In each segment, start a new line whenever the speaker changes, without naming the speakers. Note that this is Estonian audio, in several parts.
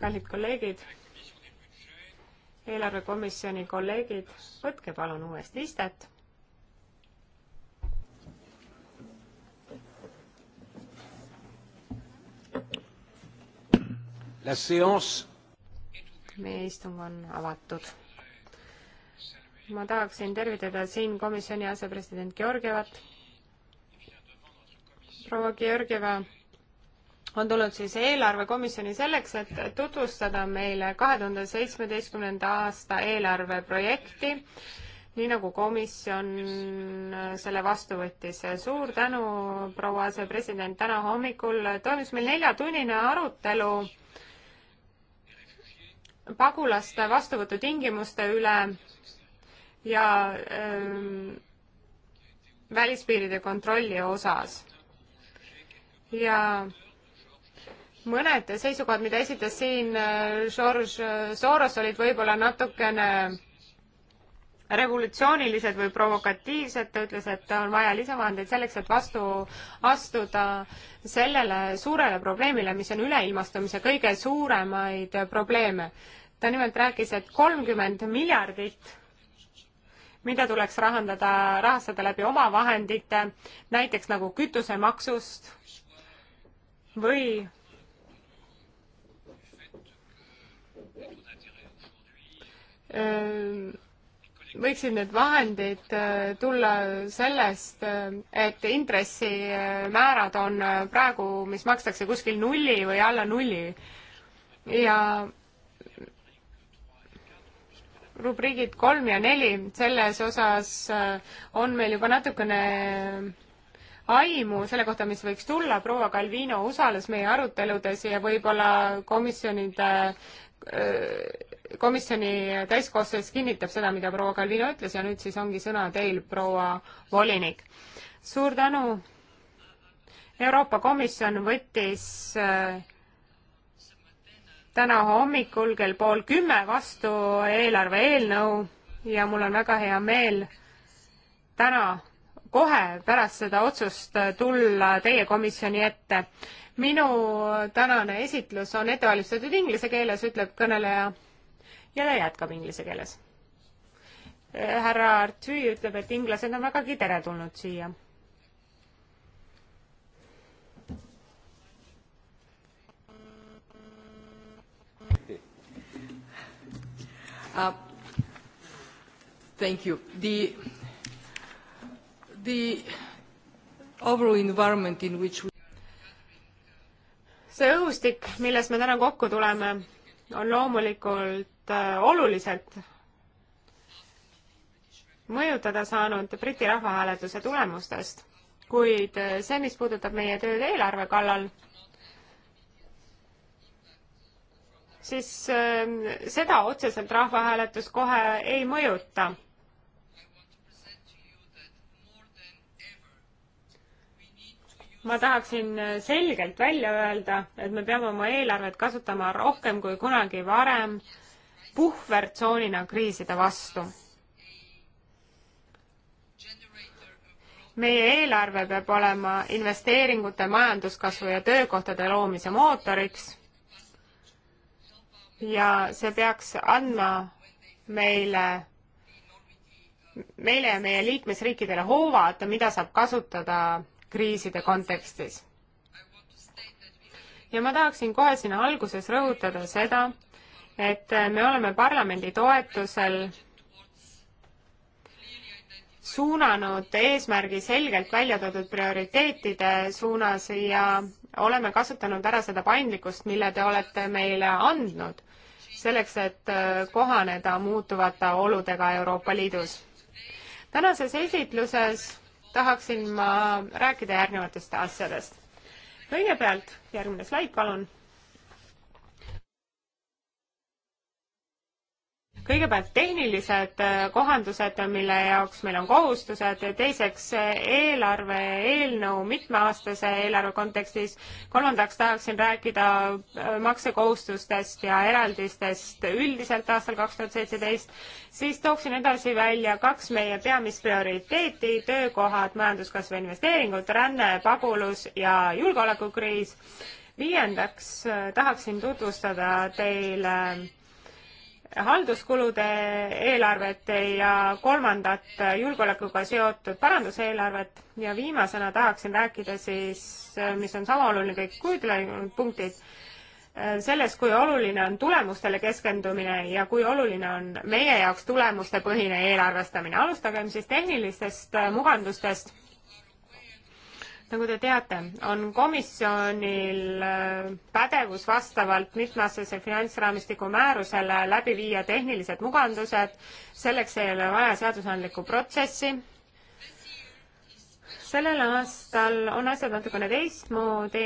kallid kolleegid, eelarvekomisjoni kolleegid, võtke palun uuest istet. meie istung on avatud. ma tahaksin tervitada siin komisjoni asepresident Georgievat. proua Georgieva on tulnud siis eelarvekomisjoni selleks, et tutvustada meile kahe tuhande seitsmeteistkümnenda aasta eelarveprojekti, nii nagu komisjon selle vastu võttis. suur tänu, proua asepresident, täna hommikul toimus meil neljatunnine arutelu pagulaste vastuvõtu tingimuste üle ja öö, ähm, välispiiride kontrolli osas ja mõned seisukohad, mida esitas siin äh, George äh, Soros, olid võib-olla natukene revolutsioonilised või provokatiivsed, ta ütles, et on vaja lisavahendeid selleks, et vastu astuda sellele suurele probleemile, mis on üleilmastumise kõige suuremaid probleeme. ta nimelt rääkis, et kolmkümmend miljardit mida tuleks rahandada, rahastada läbi omavahendite, näiteks nagu kütusemaksust või Ehm, võiksid need vahendid äh, tulla sellest, äh, et intressimäärad äh, on praegu, mis makstakse kuskil nulli või alla nulli ja rubriigid kolm ja neli, selles osas on meil juba natukene aimu selle kohta, mis võiks tulla, proua Calvino osales meie aruteludes ja võib-olla komisjonide öö, komisjoni täiskoosseis kinnitab seda, mida proua Kalvino ütles ja nüüd siis ongi sõna teil, proua volinik. suur tänu. Euroopa Komisjon võttis äh, täna hommikul kell pool kümme vastu eelarve eelnõu ja mul on väga hea meel täna kohe pärast seda otsust tulla teie komisjoni ette. minu tänane esitlus on ette valmistatud inglise keeles, ütleb kõneleja ja ta jätkab inglise keeles. härra Artüü ütleb, et inglased on vägagi teretulnud siia.
Uh, thank you. The, the
overall environment in which we see õhustik, milles me täna kokku tuleme, on loomulikult äh, oluliselt mõjutada saanud Briti rahvahääletuse tulemustest, kuid äh, see, mis puudutab meie tööd eelarve kallal, siis ähm, seda otseselt rahvahääletus kohe ei mõjuta ma tahaksin selgelt välja öelda, et me peame oma eelarvet kasutama rohkem kui kunagi varem puhvertsoonina kriiside vastu. meie eelarve peab olema investeeringute, majanduskasvu ja töökohtade loomise mootoriks ja see peaks andma meile meile ja meie liikmesriikidele hoovad, mida saab kasutada kriiside kontekstis. ja ma tahaksin kohe siin alguses rõhutada seda, et me oleme parlamendi toetusel suunanud eesmärgi selgelt välja toodud prioriteetide suunas ja oleme kasutanud ära seda paindlikkust, mille te olete meile andnud selleks, et kohaneda muutuvate oludega Euroopa Liidus. tänases esitluses tahaksin ma rääkida järgnevatest asjadest. kõigepealt, järgmine slaid, palun kõigepealt tehnilised äh, kohandused, mille jaoks meil on kohustused, teiseks äh, eelarve eelnõu mitmeaastase eelarve kontekstis, kolmandaks tahaksin rääkida äh, maksekohustustest ja eraldistest üldiselt aastal kaks tuhat seitseteist, siis tooksin edasi välja kaks meie peamist prioriteeti, töökohad, majanduskasv ja investeeringud, ränne, pagulus ja julgeolekukriis. viiendaks tahaksin tutvustada teile halduskulude eelarvet ja kolmandat julgeolekuga seotud paranduseelarvet ja viimasena tahaksin rääkida siis, mis on sama oluline kõik kui ülejäänud punktid, sellest, kui oluline on tulemustele keskendumine ja kui oluline on meie jaoks tulemustepõhine eelarvestamine. alustagem siis tehnilistest mugandustest nagu te teate, on komisjonil äh, pädevus vastavalt mitmeaastase finantsraamistiku määrusele läbi viia tehnilised mugandused, selleks ei ole vaja seadusandlikku protsessi. sellel aastal on asjad natukene teistmoodi,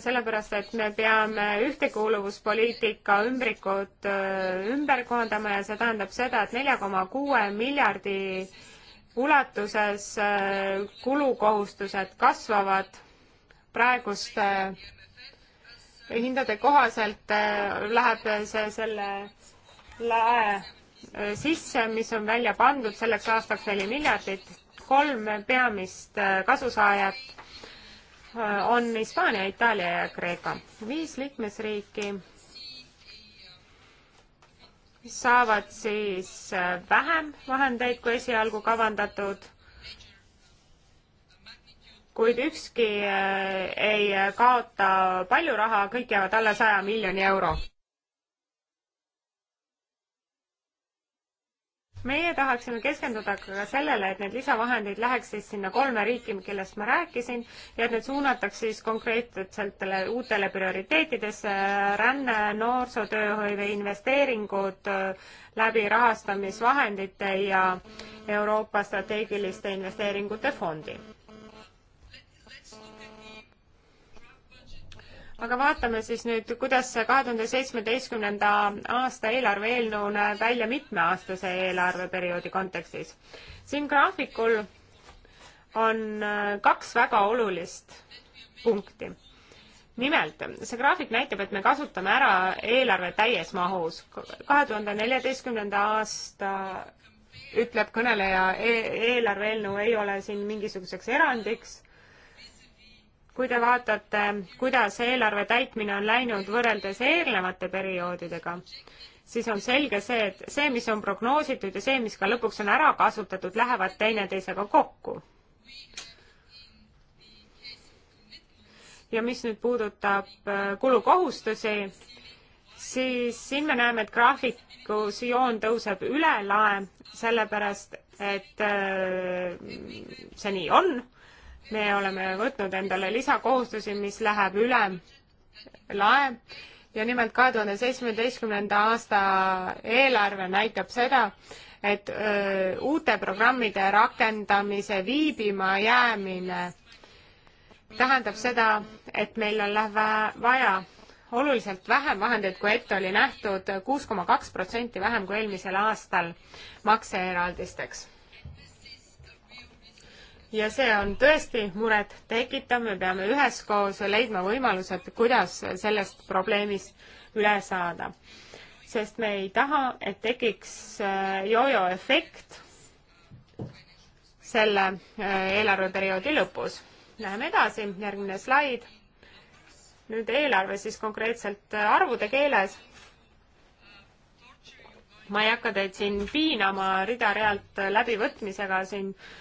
sellepärast et me peame ühtekuuluvuspoliitika ümbrikud äh, ümber kohandama ja see tähendab seda, et nelja koma kuue miljardi ulatuses äh, kulukohustused kasvavad praeguste hindade kohaselt äh, läheb see selle lae äh, sisse, mis on välja pandud selleks aastaks neli miljardit. kolm peamist kasusaajat on Hispaania, Itaalia ja Kreeka. viis liikmesriiki saavad siis äh, vähem vahendeid kui esialgu kavandatud, kuid ükski äh, ei äh, kaota palju raha, kõik jäävad alla saja miljoni euro meie tahaksime keskenduda ka sellele, et need lisavahendeid läheks siis sinna kolme riiki, kellest ma rääkisin, ja et need suunataks siis konkreetsetele uutele prioriteetidesse, ränne, noorsootööhõive, investeeringud äh, läbi rahastamisvahendite ja Euroopa strateegiliste investeeringute fondi aga vaatame siis nüüd, kuidas see kahe tuhande seitsmeteistkümnenda aasta eelarve eelnõu näeb välja mitmeaastase eelarveperioodi kontekstis. siin graafikul on äh, kaks väga olulist punkti. nimelt, see graafik näitab, et me kasutame ära eelarve täies mahus. kahe tuhande neljateistkümnenda aasta ütleb kõneleja e, eelarve eelnõu ei ole siin mingisuguseks erandiks kui te vaatate, kuidas eelarve täitmine on läinud võrreldes eelnevate perioodidega, siis on selge see, et see, mis on prognoositud ja see, mis ka lõpuks on ära kasutatud, lähevad teineteisega kokku. ja mis nüüd puudutab äh, kulukohustusi, siis siin me näeme, et graafikus joon tõuseb üle lae, sellepärast et äh, see nii on me oleme võtnud endale lisakohustusi, mis läheb üle lae ja nimelt kahe tuhande seitsmeteistkümnenda aasta eelarve näitab seda, et öö, uute programmide rakendamise viibima jäämine tähendab seda, et meil on lähe, vaja oluliselt vähem vahendeid, kui ette oli nähtud, kuus koma kaks protsenti vähem kui eelmisel aastal makseeraldisteks ja see on tõesti muret tekitav, me peame üheskoos leidma võimalused, kuidas sellest probleemist üle saada. sest me ei taha, et tekiks äh, jojo efekt selle äh, eelarveperioodi lõpus. Läheme edasi, järgmine slaid. nüüd eelarve siis konkreetselt äh, arvude keeles ma ei hakka teid siin piinama rida-realt läbivõtmisega siin äh,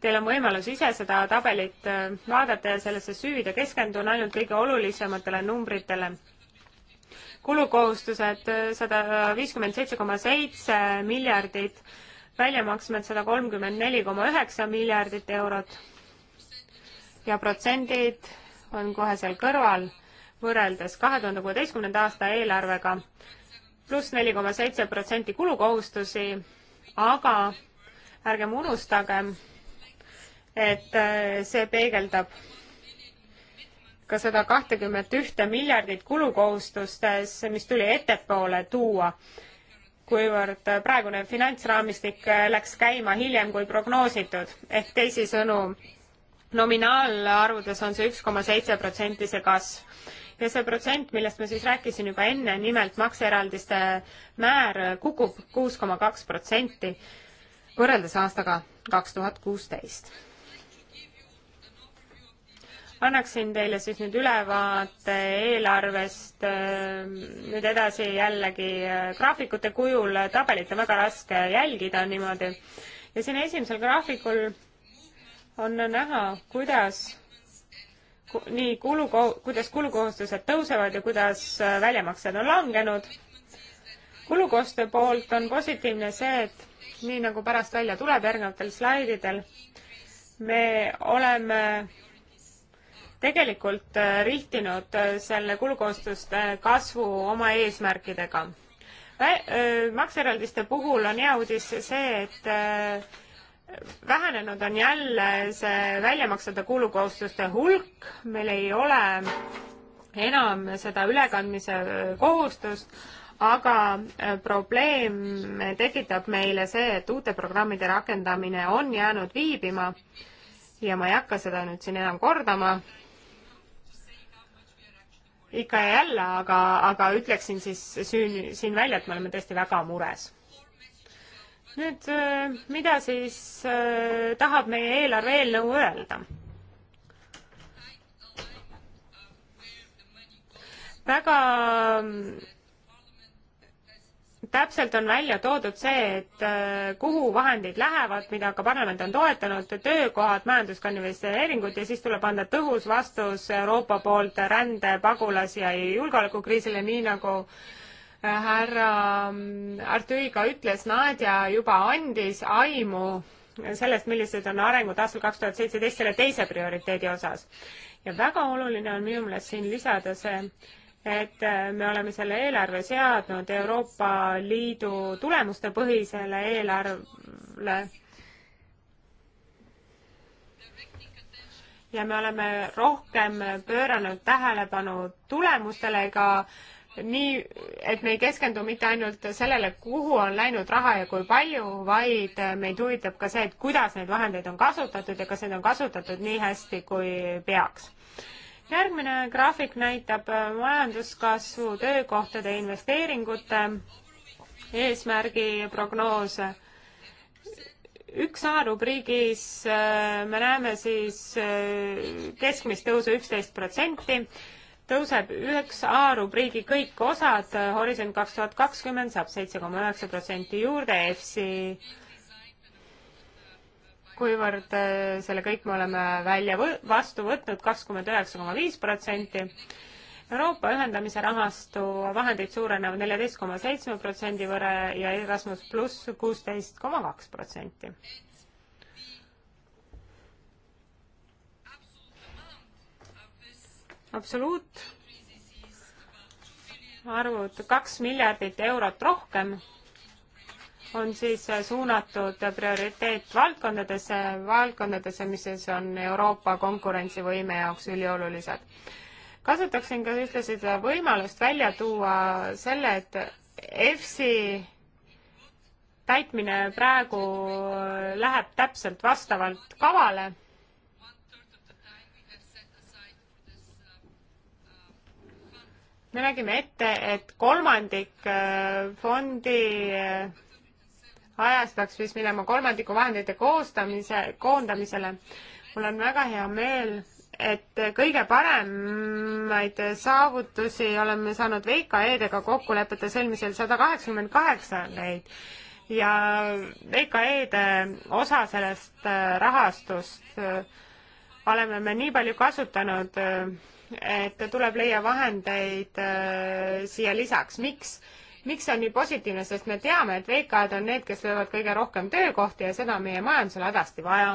Teil on võimalus ise seda tabelit äh, vaadata ja sellesse süüvida, keskendun ainult kõige olulisematele numbritele. kulukohustused äh, sada viiskümmend seitse koma seitse miljardit, väljamaksmed sada kolmkümmend neli koma üheksa miljardit eurot ja protsendid on kohe seal kõrval võrreldes kahe tuhande kuueteistkümnenda aasta eelarvega pluss neli koma seitse protsenti kulukohustusi, aga ärgem unustagem, et äh, see peegeldab ka seda kahtekümmet ühte miljardit kulukohustustes, mis tuli ettepoole tuua, kuivõrd praegune finantsraamistik äh, läks käima hiljem kui prognoositud, ehk teisisõnu, nominaalarvudes on see üks koma seitse protsenti see kasv ja see protsent, millest ma siis rääkisin juba enne, nimelt makseeraldiste määr äh, kukub kuus koma kaks protsenti võrreldes aastaga kaks tuhat kuusteist annaksin teile siis nüüd ülevaate eelarvest, äh, nüüd edasi jällegi äh, graafikute kujul, äh, tabelit on väga raske jälgida niimoodi. ja siin esimesel graafikul on näha, kuidas nii kulu, kuidas kulukohustused tõusevad ja kuidas väljamaksed on langenud. kulukohustuste poolt on positiivne see, et nii nagu pärast välja tuleb järgnevatel slaididel, me oleme tegelikult äh, rihtinud äh, selle kulukohustuste kasvu oma eesmärkidega. Äh, makseeraldiste puhul on hea uudis see, et vähenenud on jälle see väljamaksete kulukohustuste hulk, meil ei ole enam seda ülekandmise kohustust, aga probleem tekitab meile see, et uute programmide rakendamine on jäänud viibima ja ma ei hakka seda nüüd siin enam kordama ikka ja jälle, aga, aga ütleksin siis süün, siin välja, et me oleme tõesti väga mures. nüüd, äh, mida siis äh, tahab meie eelarve eelnõu öelda? väga täpselt on välja toodud see, et äh, kuhu vahendid lähevad, mida ka parlament on toetanud, töökohad, majanduskaniveeringut ja siis tuleb anda tõhus vastus Euroopa poolt rände, pagulas- ja julgeolekukriisile, nii nagu äh, härra mm, Artüi ka ütles, Nadja juba andis aimu sellest, millised on arengud aastal kaks tuhat seitseteist selle teise prioriteedi osas. ja väga oluline on minu meelest siin lisada see, et äh, me oleme selle eelarve seadnud Euroopa Liidu tulemustepõhisele eelarvele. ja me oleme rohkem pööranud tähelepanu tulemustele ka nii, et me ei keskendu mitte ainult sellele, kuhu on läinud raha ja kui palju, vaid meid huvitab ka see, et kuidas neid vahendeid on kasutatud ja kas neid on kasutatud nii hästi, kui peaks järgmine graafik näitab äh, majanduskasvu, töökohtade, investeeringute eesmärgi prognoose. üks A rubriigis äh, me näeme siis äh, keskmist tõusu üksteist protsenti, tõuseb üheks A rubriigi kõik osad, Horisont kaks tuhat kakskümmend saab seitse koma üheksa protsenti juurde, EFSI kuivõrd äh, selle kõik me oleme välja võ vastu võtnud kakskümmend üheksa koma viis protsenti. Euroopa ühendamise rahastu vahendid suurenevad neljateist koma seitsme protsendi võrra ja Erasmus pluss kuusteist koma kaks protsenti. absoluut arvud kaks miljardit eurot rohkem on siis suunatud prioriteetvaldkondadesse, valdkondadesse, mis siis on Euroopa konkurentsivõime jaoks üliolulised. kasutaksin ka ühtlasi seda võimalust välja tuua selle, et EFSI täitmine praegu läheb täpselt vastavalt kavale me nägime ette, et kolmandik fondi ajast peaks vist minema kolmandiku vahendite koostamise, koondamisele. mul on väga hea meel, et kõige paremaid saavutusi oleme saanud VKE-dega kokkulepete sõlmisel sada kaheksakümmend kaheksa neid ja VKE-de osa sellest äh, rahastust äh, oleme me nii palju kasutanud, äh, et tuleb leia vahendeid siia lisaks. miks? miks see on nii positiivne, sest me teame, et VKD on need, kes löövad kõige rohkem töökohti ja seda on meie majandusele hädasti vaja.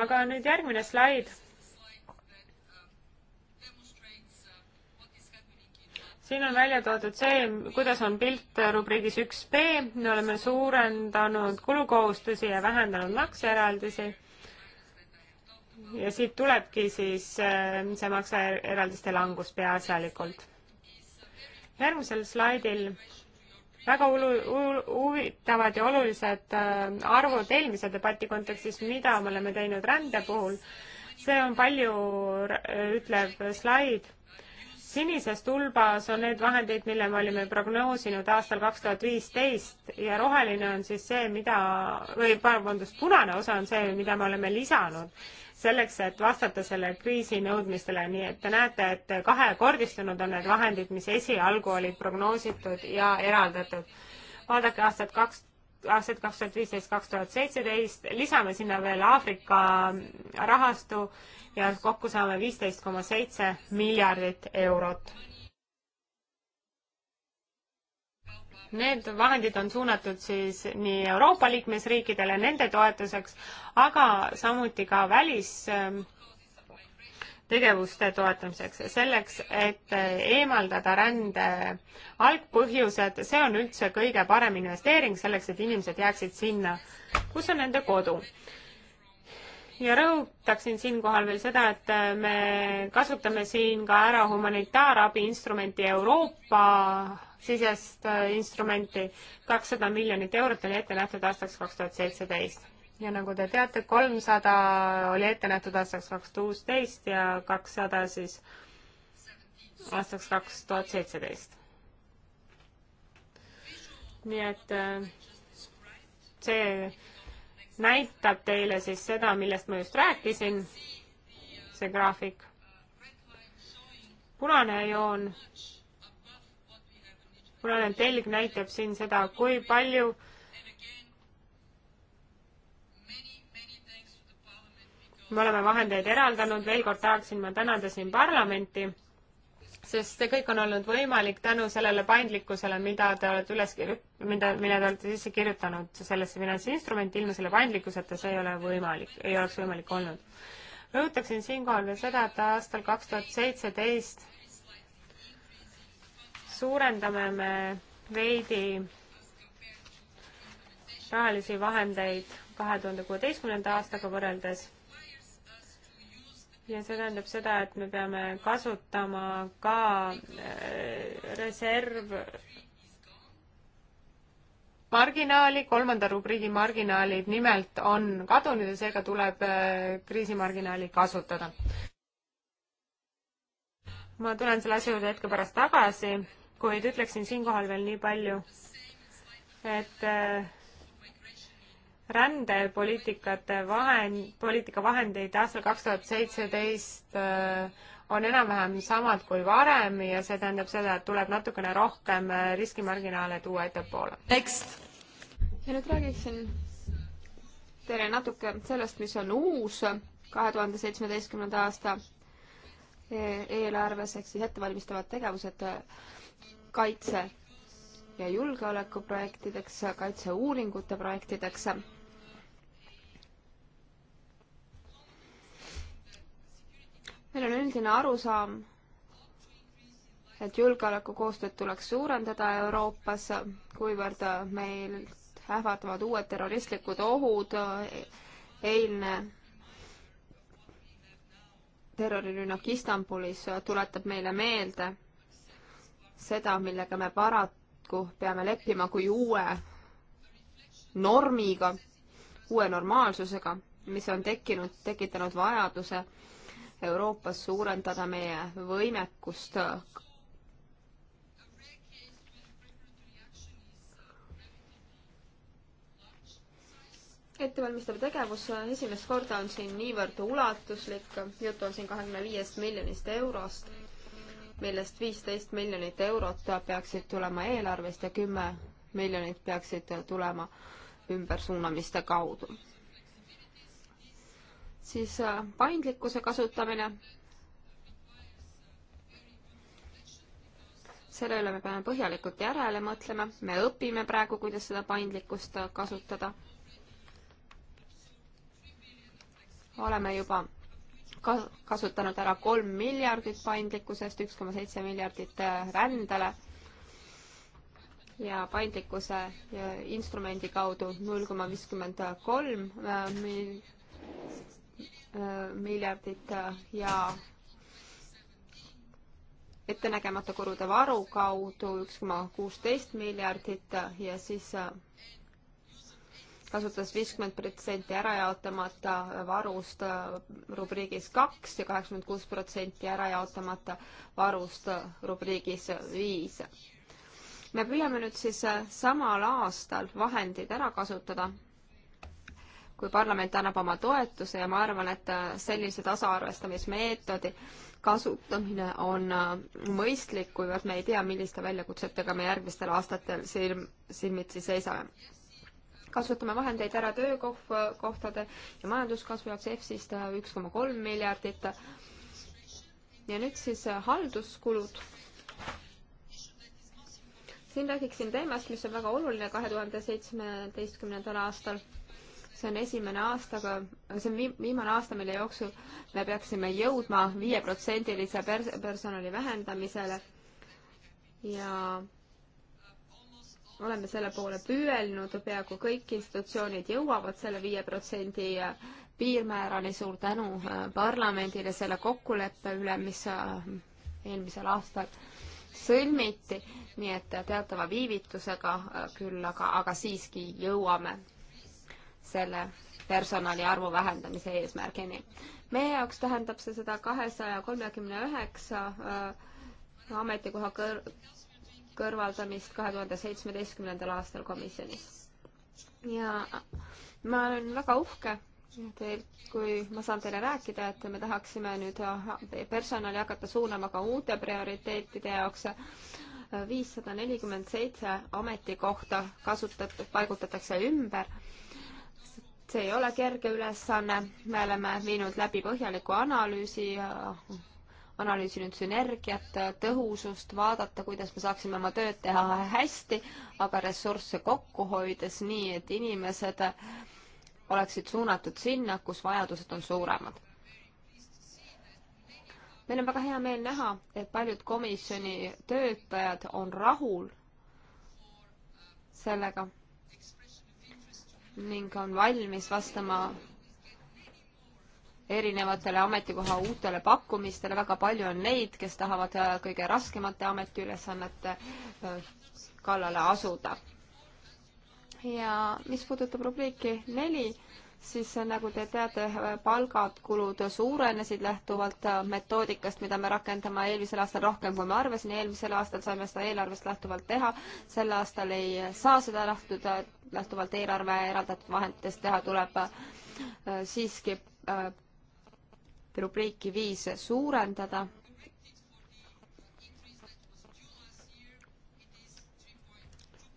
aga nüüd järgmine slaid. siin on välja toodud see, kuidas on pilt rubriigis üks B, me oleme suurendanud kulukohustusi ja vähendanud makseeraldisi ja siit tulebki siis äh, see makseeraldiste langus peaasjalikult järgmisel slaidil väga ulu-, huvitavad ja olulised äh, arvud eelmise debati kontekstis, mida me oleme teinud rände puhul. see on palju ütlev slaid. sinises tulbas on need vahendid, mille me olime prognoosinud aastal kaks tuhat viisteist ja roheline on siis see, mida, või vabandust, punane osa on see, mida me oleme lisanud selleks, et vastata selle kriisi nõudmistele, nii et te näete, et kahekordistunud on need vahendid, mis esialgu olid prognoositud ja eraldatud. vaadake aastat kaks, aastat kaks tuhat viisteist, kaks tuhat seitseteist, lisame sinna veel Aafrika rahastu ja kokku saame viisteist koma seitse miljardit eurot Need vahendid on suunatud siis nii Euroopa liikmesriikidele, nende toetuseks, aga samuti ka välis tegevuste toetamiseks, selleks, et eemaldada rände algpõhjused, see on üldse kõige parem investeering selleks, et inimesed jääksid sinna, kus on nende kodu ja rõhutaksin siinkohal veel seda, et äh, me kasutame siin ka ära humanitaarabi instrumenti Euroopa sisest äh, instrumenti. kakssada miljonit eurot oli ette nähtud aastaks kaks tuhat seitseteist ja nagu te teate, kolmsada oli ette nähtud aastaks kaks tuhat kuusteist ja kakssada siis aastaks kaks tuhat seitseteist. nii et äh, see näitab teile siis seda, millest ma just rääkisin, see graafik. punane joon, punane telg näitab siin seda, kui palju me oleme vahendeid eraldanud, veel kord tahaksin ma tänada siin parlamenti sest see kõik on olnud võimalik tänu sellele paindlikkusele, mida te olete üles kirju-, mida, mille te olete sisse kirjutanud sellesse finantsinstrumenti, ilma selle paindlikkuseta see ei ole võimalik, ei oleks võimalik olnud. rõhutaksin siinkohal veel seda, et aastal kaks tuhat seitseteist suurendame me veidi rahalisi vahendeid kahe tuhande kuueteistkümnenda aastaga võrreldes ja see tähendab seda, et me peame kasutama ka äh, reserv marginaali, kolmanda rubriigi marginaalid nimelt on kadunud ja seega tuleb äh, kriisimarginaali kasutada. ma tulen selle asja juurde hetke pärast tagasi, kuid ütleksin siinkohal veel nii palju, et äh, rändepoliitikate vahend, poliitika vahendeid aastal kaks tuhat seitseteist äh, on enam-vähem samad kui varem ja see tähendab seda, et tuleb natukene rohkem äh, riskimarginaale tuua ettepoole. tekst.
ja nüüd räägiksin teile natuke sellest, mis on uus kahe tuhande seitsmeteistkümnenda aasta e, eelarves ehk siis ettevalmistavad tegevused äh, kaitse ja julgeolekuprojektideks, kaitseuuringute projektideks kaitse meil on üldine arusaam, et julgeolekukoostööd tuleks suurendada Euroopas, kuivõrd meil ähvardavad uued terroristlikud ohud, eilne terrorirünnak Istanbulis tuletab meile meelde seda, millega me paraku peame leppima kui uue normiga, uue normaalsusega, mis on tekkinud, tekitanud vajaduse Euroopas suurendada meie võimekust ettevalmistav tegevus esimest korda on siin niivõrd ulatuslik, jutt on siin kahekümne viiest miljonist eurost, millest viisteist miljonit eurot peaksid tulema eelarvest ja kümme miljonit peaksid tulema ümbersuunamiste kaudu siis äh, paindlikkuse kasutamine. selle üle me peame põhjalikult järele mõtlema, me õpime praegu, kuidas seda paindlikkust äh, kasutada. oleme juba kasutanud ära kolm miljardit paindlikkusest, üks koma seitse miljardit äh, rändele ja paindlikkuse instrumendi kaudu null koma viiskümmend kolm Äh, miljardit äh, ja ettenägemata kulude varu kaudu üks koma kuusteist miljardit äh, ja siis kasutas viiskümmend protsenti ära jaotamata varust rubriigis kaks ja kaheksakümmend kuus protsenti ära jaotamata varust rubriigis viis. me püüame nüüd siis samal aastal vahendid ära kasutada kui parlament annab oma toetuse ja ma arvan, et äh, sellise tasaarvestamismeetodi kasutamine on äh, mõistlik, kuivõrd me ei tea, milliste väljakutsetega me järgmistel aastatel silm, silmitsi seisame. kasutame vahendeid ära töökohtade ja majanduskasvu jaoks EFSist äh, üks koma kolm miljardit. ja nüüd siis halduskulud siin räägiksin teemast, mis on väga oluline kahe tuhande seitsmeteistkümnendal aastal see on esimene aastaga, see on viimane aasta, mille jooksul me peaksime jõudma viieprotsendilise pers-, personali vähendamisele ja oleme selle poole püüelnud, peaaegu kõik institutsioonid jõuavad selle viie protsendi piirmäärani, suur tänu äh, parlamendile selle kokkuleppe üle, mis äh, eelmisel aastal sõlmiti, nii et teatava viivitusega äh, küll, aga, aga siiski jõuame selle personali arvu vähendamise eesmärgini. meie jaoks tähendab see seda kahesaja kolmekümne üheksa äh, ametikoha kõr-, kõrvaldamist kahe tuhande seitsmeteistkümnendal aastal komisjonis. ja ma olen väga uhke teilt, kui ma saan teile rääkida, et me tahaksime nüüd äh, personali hakata suunama ka uute prioriteetide jaoks. viissada nelikümmend seitse ametikohta kasutatud, paigutatakse ümber see ei ole kerge ülesanne, me oleme viinud läbi põhjaliku analüüsi, analüüsinud sünergiat, tõhusust, vaadata, kuidas me saaksime oma tööd teha hästi, aga ressursse kokku hoides nii, et inimesed oleksid suunatud sinna, kus vajadused on suuremad. meil on väga hea meel näha, et paljud komisjoni töötajad on rahul sellega ning on valmis vastama erinevatele ametikoha uutele pakkumistele, väga palju on neid, kes tahavad äh, kõige raskemate ametiülesannete äh, kallale asuda. ja mis puudutab rubriiki neli, siis äh, nagu te teate, äh, palgad, kulud suurenesid lähtuvalt äh, metoodikast, mida me rakendame eelmisel aastal rohkem, kui me arvasime, eelmisel aastal saime seda eelarvest lähtuvalt teha, sel aastal ei saa seda lähtuda, lähtuvalt eelarve eraldatud vahenditest teha, tuleb siiski rubriiki viis suurendada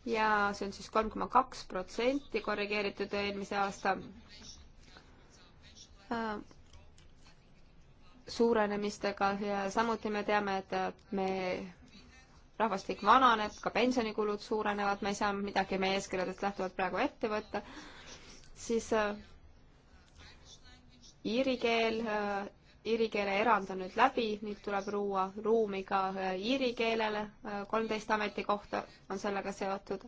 ja see on siis kolm koma kaks protsenti korrigeeritud eelmise aasta äh, suurenemistega ja samuti me teame, et me, rahvastik vananeb, ka pensionikulud suurenevad, me ei saa midagi meie eeskirjadest lähtuvalt praegu ette võtta, siis äh, iiri keel äh, iiri keele erand on nüüd läbi, nüüd tuleb luua ruumi ka äh, iiri keelele, äh, kolmteist ametikohta on sellega seotud.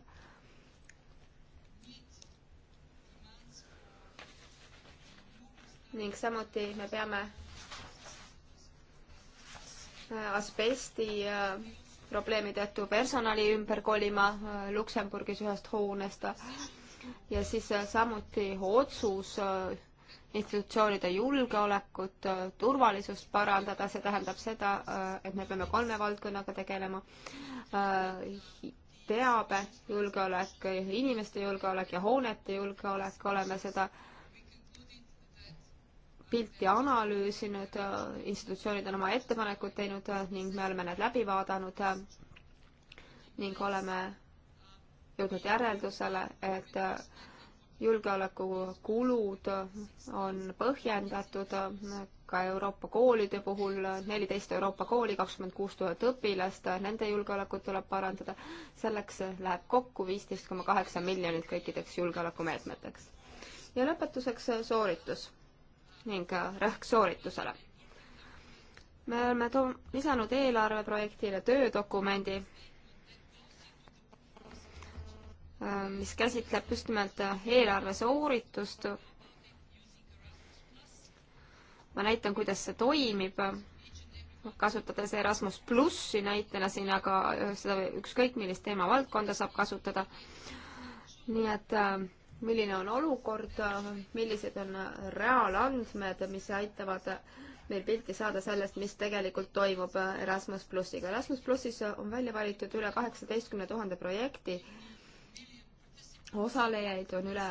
ning samuti me peame äh, asbesti probleemi tõttu personali ümber kolima Luksemburgis ühest hoonest ja siis samuti otsus institutsioonide julgeolekut, turvalisust parandada, see tähendab seda, et me peame kolme valdkonnaga tegelema, teabe julgeolek, inimeste julgeolek ja hoonete julgeolek, oleme seda pilti analüüsinud, institutsioonid on oma ettepanekud teinud ning me oleme need läbi vaadanud ning oleme jõudnud järeldusele, et julgeolekukulud on põhjendatud ka Euroopa koolide puhul, neliteist Euroopa kooli, kakskümmend kuus tuhat õpilast, nende julgeolekut tuleb parandada. selleks läheb kokku viisteist koma kaheksa miljonit kõikideks julgeolekumeetmeteks. ja lõpetuseks sooritus ning rõhk sooritusele. me oleme to-, lisanud eelarveprojektile töödokumendi, Äh, mis käsitleb just nimelt äh, eelarve sooritust. ma näitan, kuidas see toimib, kasutades Erasmus plussi näitena siin, aga äh, seda ükskõik millist teemavaldkonda saab kasutada. nii et milline on olukord, millised on reaalandmed, mis aitavad meil pilti saada sellest, mis tegelikult toimub Erasmus plussiga. Erasmus plussis on välja valitud üle kaheksateistkümne tuhande projekti osalejaid on üle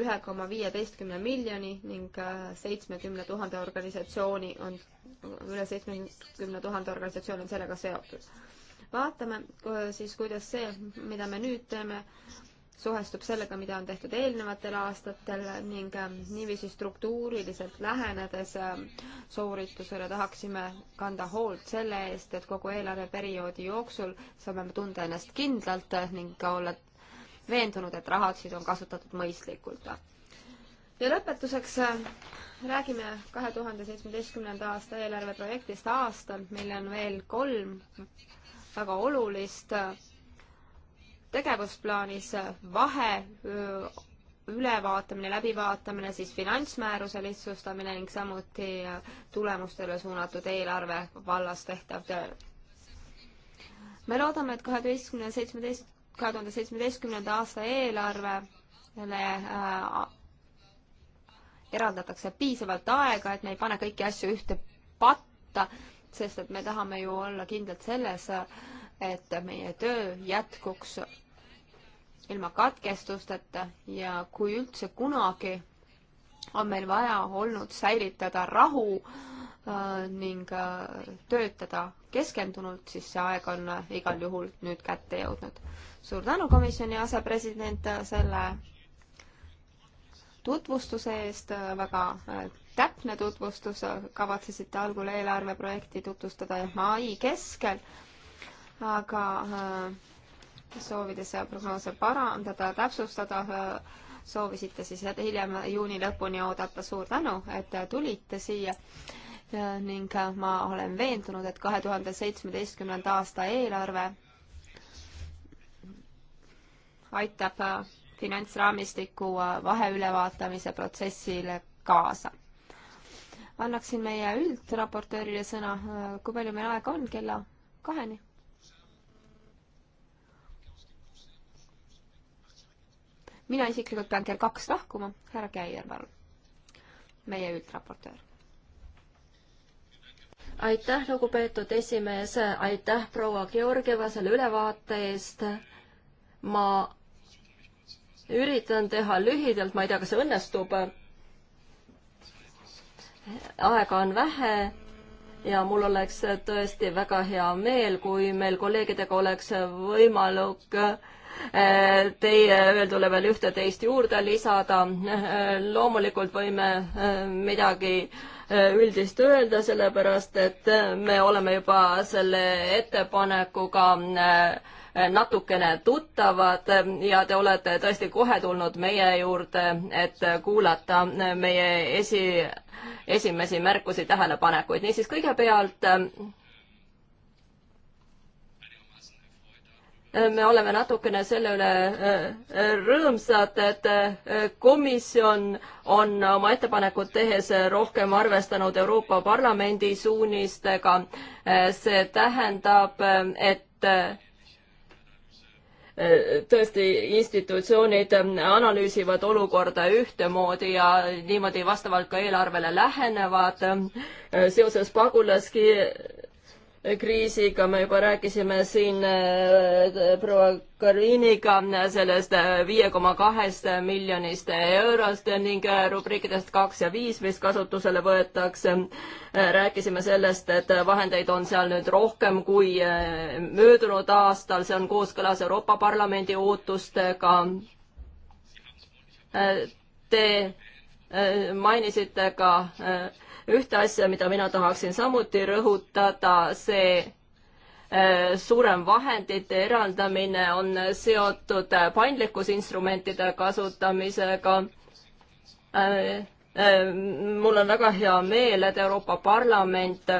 ühe koma viieteistkümne miljoni ning äh, seitsmekümne tuhande organisatsiooni on, üle seitsmekümne tuhande organisatsioon on sellega seotud. vaatame siis, kuidas see, mida me nüüd teeme, suhestub sellega, mida on tehtud eelnevatel aastatel ning ähm, niiviisi struktuuriliselt lähenedes ähm, sooritusele tahaksime kanda hoolt selle eest, et kogu eelarveperioodi jooksul saame me tunda ennast kindlalt ning olla veendunud, et rahasid on kasutatud mõistlikult. ja lõpetuseks äh, räägime kahe tuhande seitsmeteistkümnenda aasta eelarve projektist aastal, mil on veel kolm väga olulist äh, tegevusplaanis äh, vahe ülevaatamine, läbivaatamine, siis finantsmääruse lihtsustamine ning samuti tulemustele suunatud eelarve vallas tehtav töö. me loodame, et kaheteistkümne, seitsmeteist, kahe tuhande seitsmeteistkümnenda aasta eelarvele äh, eraldatakse piisavalt aega, et me ei pane kõiki asju ühte patta, sest et me tahame ju olla kindlad selles, et meie töö jätkuks ilma katkestusteta ja kui üldse kunagi on meil vaja olnud säilitada rahu äh, ning äh, töötada keskendunult, siis see aeg on äh, igal juhul nüüd kätte jõudnud suur tänu, komisjoni asepresident, selle tutvustuse eest, väga äh, täpne tutvustus, kavatsesite algul eelarveprojekti tutvustada mai keskel, aga äh, soovides prognoose parandada, täpsustada, äh, soovisite siis hiljem juuni lõpuni oodata, suur tänu, et tulite siia ning ma olen veendunud, et kahe tuhande seitsmeteistkümnenda aasta eelarve aitab äh, finantsraamistiku äh, vaheülevaatamise protsessile kaasa. annaksin meie üldraportöörile sõna, äh, kui palju meil aega on kella kaheni? mina isiklikult pean kell kaks lahkuma, härra Käier, palun, meie üldraportöör
aitäh, lugupeetud esimees, aitäh proua Georgieva selle ülevaate eest. ma üritan teha lühidalt, ma ei tea, kas see õnnestub. aega on vähe ja mul oleks tõesti väga hea meel, kui meil kolleegidega oleks võimalik eh, teie öeldule veel ühte-teist juurde lisada. loomulikult võime eh, midagi eh, üldist öelda, sellepärast et me oleme juba selle ettepanekuga äh, Äh, natukene tuttavad äh, ja te olete tõesti kohe tulnud meie juurde, et äh, kuulata meie esi, esimesi märkusi, tähelepanekuid. niisiis kõigepealt me oleme natukene selle üle rõõmsad, et komisjon on oma ettepanekud tehes rohkem arvestanud Euroopa Parlamendi suunistega. see tähendab, et tõesti institutsioonid analüüsivad olukorda ühtemoodi ja niimoodi vastavalt ka eelarvele lähenevad. seoses pagulaski kriisiga, me juba rääkisime siin äh, proua Kariniga sellest äh, viie koma kahest miljonist eurost ning äh, rubriikidest kaks ja viis, mis kasutusele võetakse. rääkisime sellest, et vahendeid on seal nüüd rohkem kui möödunud aastal, see on kooskõlas Euroopa Parlamendi ootustega. Te mainisite ka äh, ühte asja, mida mina tahaksin samuti rõhutada, see äh, suurem vahendite eraldamine on seotud paindlikkusinstrumentide kasutamisega äh, äh, mul on väga hea meel, et Euroopa Parlament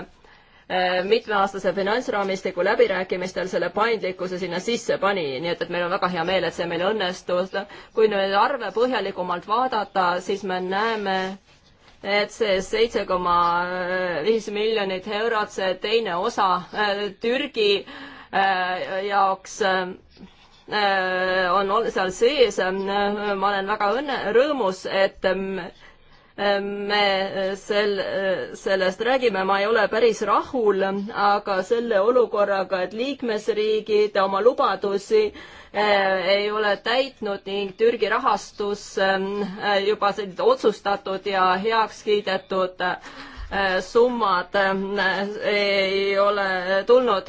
mitmeaastase finantsraamistiku läbirääkimistel selle paindlikkuse sinna sisse pani, nii et, et meil on väga hea meel, et see meil õnnestus. kui nüüd arve põhjalikumalt vaadata, siis me näeme, et see seitse koma äh, viis miljonit eurot, see teine osa äh, Türgi äh, jaoks on seal sees. ma olen väga õnne, rõõmus, et mm, me äh, sel, äh, sellest räägime, ma ei ole päris rahul, aga selle olukorraga, et liikmesriigid oma lubadusi äh, ei ole täitnud ning Türgi rahastus juba sellised otsustatud ja heaks kiidetud äh, Äh, summad äh, ei ole tulnud,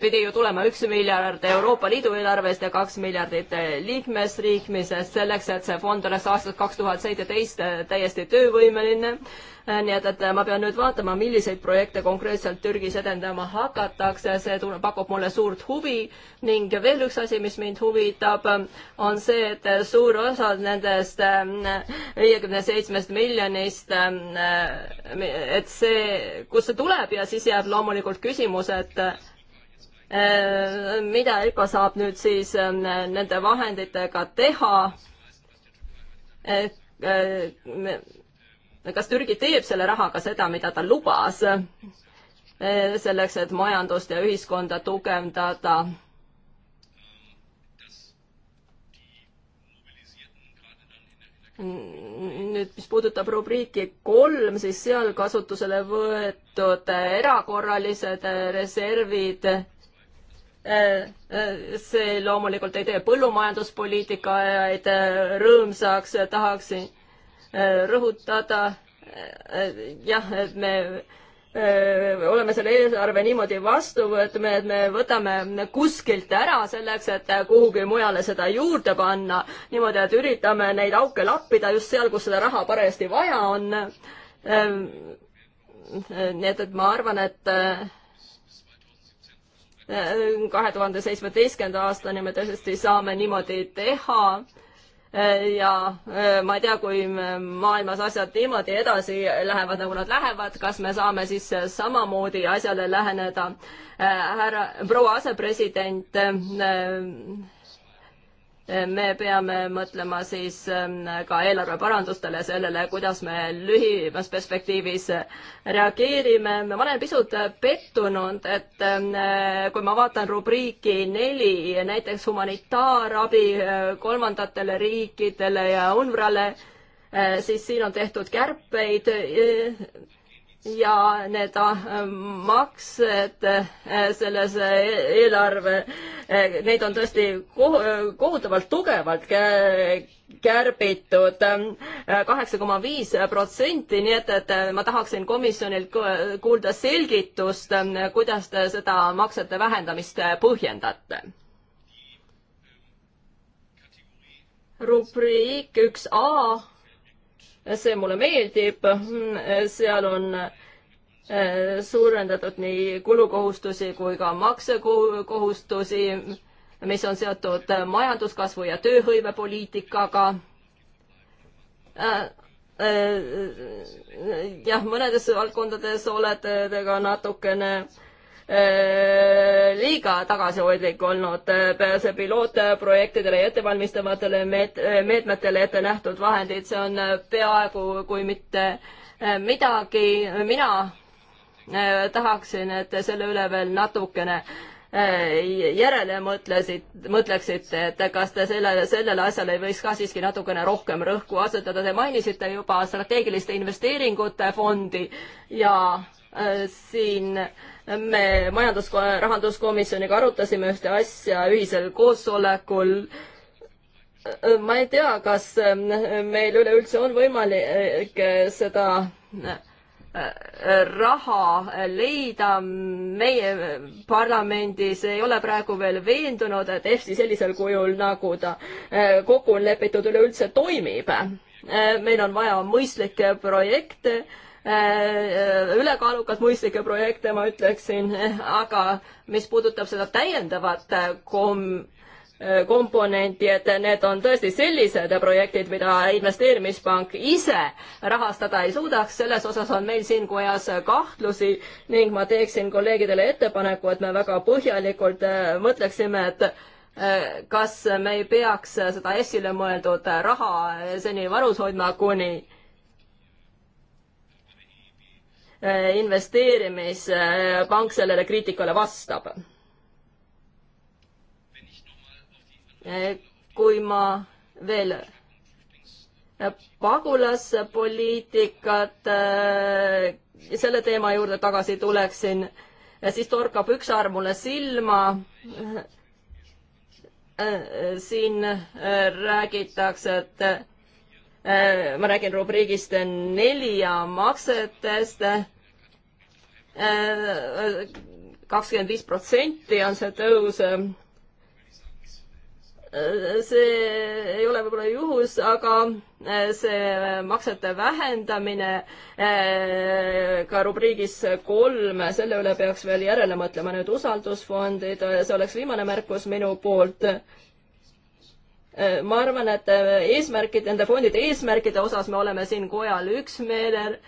pidi ju tulema üks miljard Euroopa Liidu eelarvest ja kaks miljardit äh, liikmesriikimisest selleks, et see fond oleks aastast kaks tuhat seitseteist täiesti töövõimeline nii et, et ma pean nüüd vaatama, milliseid projekte konkreetselt Türgis edendama hakatakse, see tuleb, pakub mulle suurt huvi ning veel üks asi, mis mind huvitab, on see, et suur osa nendest viiekümne seitsmest miljonist, et et see, kust see tuleb ja siis jääb loomulikult küsimus, et äh, mida IPA saab nüüd siis äh, nende vahenditega teha. Äh, kas Türgi teeb selle rahaga seda, mida ta lubas selleks, et majandust ja ühiskonda tugevdada? nüüd, mis puudutab rubriiki kolm, siis seal kasutusele võetud erakorralised reservid, see loomulikult ei tee põllumajanduspoliitikaid rõõmsaks, tahaksin rõhutada jah, et me Äh, oleme selle eelarve niimoodi vastu võtme, et me võtame kuskilt ära selleks, et kuhugi mujale seda juurde panna, niimoodi, et üritame neid auke lappida just seal, kus seda raha parajasti vaja on. Äh, nii et, et ma arvan, et äh, kahe tuhande seitsmeteistkümnenda aastani me tõesti saame niimoodi teha Äh, ja äh, ma ei tea, kui maailmas asjad niimoodi edasi lähevad, nagu nad lähevad, kas me saame siis äh, samamoodi asjale läheneda. härra, proua asepresident me peame mõtlema siis ähm, ka eelarve parandustele, sellele, kuidas me lühimas perspektiivis reageerime. ma olen pisut pettunud, et ähm, kui ma vaatan rubriiki neli, näiteks humanitaarabi äh, kolmandatele riikidele ja UNRWA-le, äh, siis siin on tehtud kärpeid äh, ja need äh, maksed äh, selles äh, eelarve, neid on tõesti kohutavalt tugevalt kärbitud kaheksa koma viis protsenti, nii et, et ma tahaksin komisjonilt kuulda selgitust, kuidas te seda maksete vähendamist põhjendate rubriik üks A see mulle meeldib, seal on äh, suurendatud nii kulukohustusi kui ka maksekohustusi, mis on seotud majanduskasvu ja tööhõivepoliitikaga äh, äh, jah, mõnedes valdkondades olete te ka natukene Äh, liiga tagasihoidlik olnud. Äh, see pilootprojektidele ja ettevalmistavatele meet-, äh, meetmetele ette nähtud vahendid, see on peaaegu kui mitte midagi. mina tahaksin, et selle üle veel natukene järele mõtlesid, mõtleksite, et kas te sellele, sellele asjale ei võiks ka siiski natukene rohkem rõhku asetada. Te mainisite juba strateegiliste investeeringute fondi ja äh, siin äh, me majandus-, rahanduskomisjoniga arutasime ühte asja ühisel koosolekul. ma ei tea, kas eh, meil üleüldse on võimalik eh, seda eh, raha leida. meie parlamendis ei ole praegu veel veendunud, et EFSI sellisel kujul, nagu ta kokku on lepitud, üleüldse toimib. meil on vaja mõistlikke projekte Äh, ülekaalukalt mõistlikke projekte, ma ütleksin, aga mis puudutab seda täiendavat äh, kom-, äh, komponenti, et need on tõesti sellised projektid, mida investeerimispank ise rahastada ei suudaks, selles osas on meil siin kojas kahtlusi ning ma teeksin kolleegidele ettepaneku, et me väga põhjalikult mõtleksime, et kas me ei peaks seda esile mõeldud raha seni varus hoidma, kuni Eh, investeerimispank eh, sellele kriitikale vastab. Eh, kui ma veel pagulaspoliitikat, selle teema juurde tagasi tuleksin, siis torkab üks arv mulle silma. siin räägitakse, et ma räägin rubriigist neli ja maksetest kakskümmend viis protsenti on see tõus. see ei ole võib-olla juhus, aga see maksete vähendamine eh, ka rubriigis kolm, selle üle peaks veel järele mõtlema nüüd usaldusfondid, see oleks viimane märkus minu poolt eh, ma arvan, et eh, eesmärkid, nende fondide eesmärkide osas me oleme siin kojal üksmeelel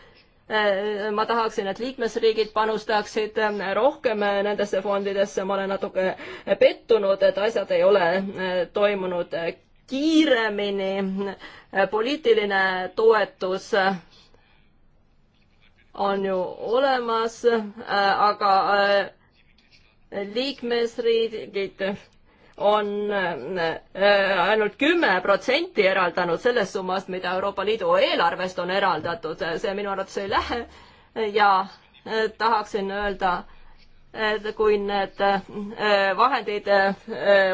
Äh, ma tahaksin, et liikmesriigid panustaksid äh, rohkem äh, nendesse fondidesse, ma olen natuke pettunud, et asjad ei ole toimunud kiiremini. poliitiline toetus on ju olemas, aga liikmesriigid on äh, ainult kümme protsenti eraldanud sellest summast, mida Euroopa Liidu eelarvest on eraldatud, see minu arvates ei lähe ja äh, tahaksin öelda, et kui need äh, vahendid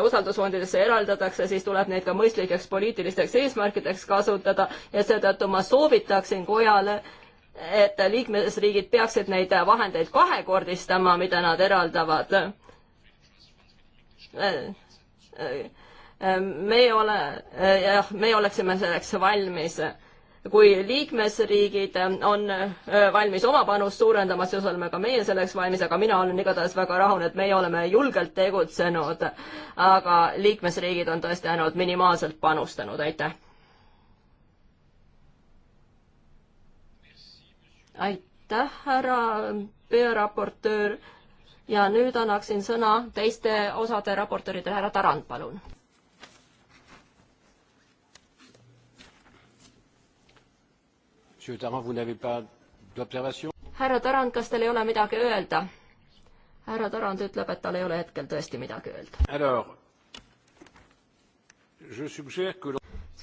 usaldusfondidesse eraldatakse, siis tuleb neid ka mõistlikeks poliitilisteks eesmärkideks kasutada ja seetõttu ma soovitaksin kojale et liikmesriigid peaksid neid vahendeid kahekordistama, mida nad eraldavad. Äh, äh, meie ole, äh, jah, meie oleksime selleks valmis. kui liikmesriigid on valmis oma panust suurendama, siis oleme ka meie selleks valmis, aga mina olen igatahes väga rahul, et meie oleme julgelt tegutsenud. aga liikmesriigid on tõesti ainult minimaalselt panustanud, aitäh. aitäh, härra pearaportöör ja nüüd annaksin sõna teiste osade raportööridele, härra Tarand, palun. härra Tarand, kas teil ei ole midagi öelda? härra Tarand ütleb, et tal ei ole hetkel tõesti midagi
öelda.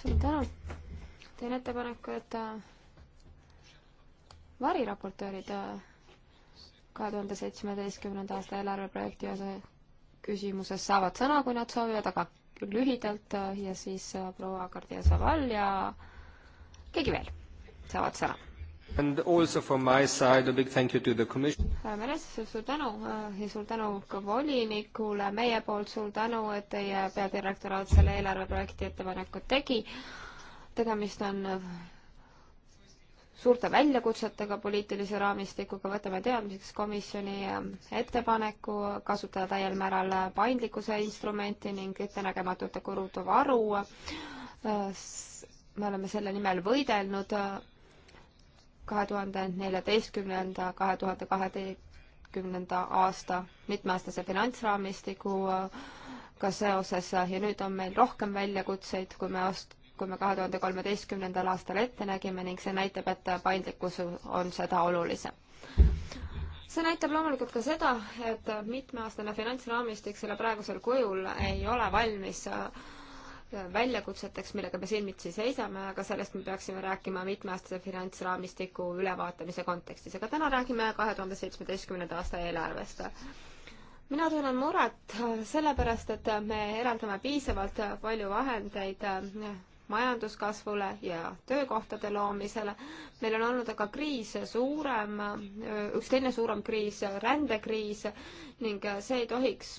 suur tänu. teen
ettepaneku, et äh, variraportöörid äh, kahe tuhande seitsmeteistkümnenda aasta eelarveprojekti osa küsimuses saavad sõna, kui nad soovivad, aga lühidalt äh, ja siis äh, proua Kardia Saval ja keegi veel saavad sõna.
And also from my side a big thank you to the commission.
Meres, suur tänu äh, ja suur tänu ka volinikule, meie poolt suur tänu, et teie peadirektoraat selle eelarveprojekti ettepaneku tegi. tegemist on suurte väljakutsetega poliitilise raamistikuga, võtame teadmiseks komisjoni ähm, ettepaneku kasutada täiel määral paindlikkuse instrumenti ning ettenägematute kulude varu. Äh, me oleme selle nimel võidelnud äh, kahe tuhande neljateistkümnenda, kahe tuhande kaheteistkümnenda aasta mitmeaastase finantsraamistikuga äh, seoses ja nüüd on meil rohkem väljakutseid, kui me ost-, kui me kahe tuhande kolmeteistkümnendal aastal ette nägime ning see näitab, et paindlikkus on seda olulisem. see näitab loomulikult ka seda, et mitmeaastane finantsraamistik selle praegusel kujul ei ole valmis äh, väljakutseteks, millega me silmitsi seisame, aga sellest me peaksime rääkima mitmeaastase finantsraamistiku ülevaatamise kontekstis, aga täna räägime kahe tuhande seitsmeteistkümnenda aasta eelarvest. mina tunnen muret äh, sellepärast, et me eraldame piisavalt palju vahendeid äh, majanduskasvule ja töökohtade loomisele. meil on olnud aga kriis suurem, üks teine suurem kriis, rändekriis ning see ei tohiks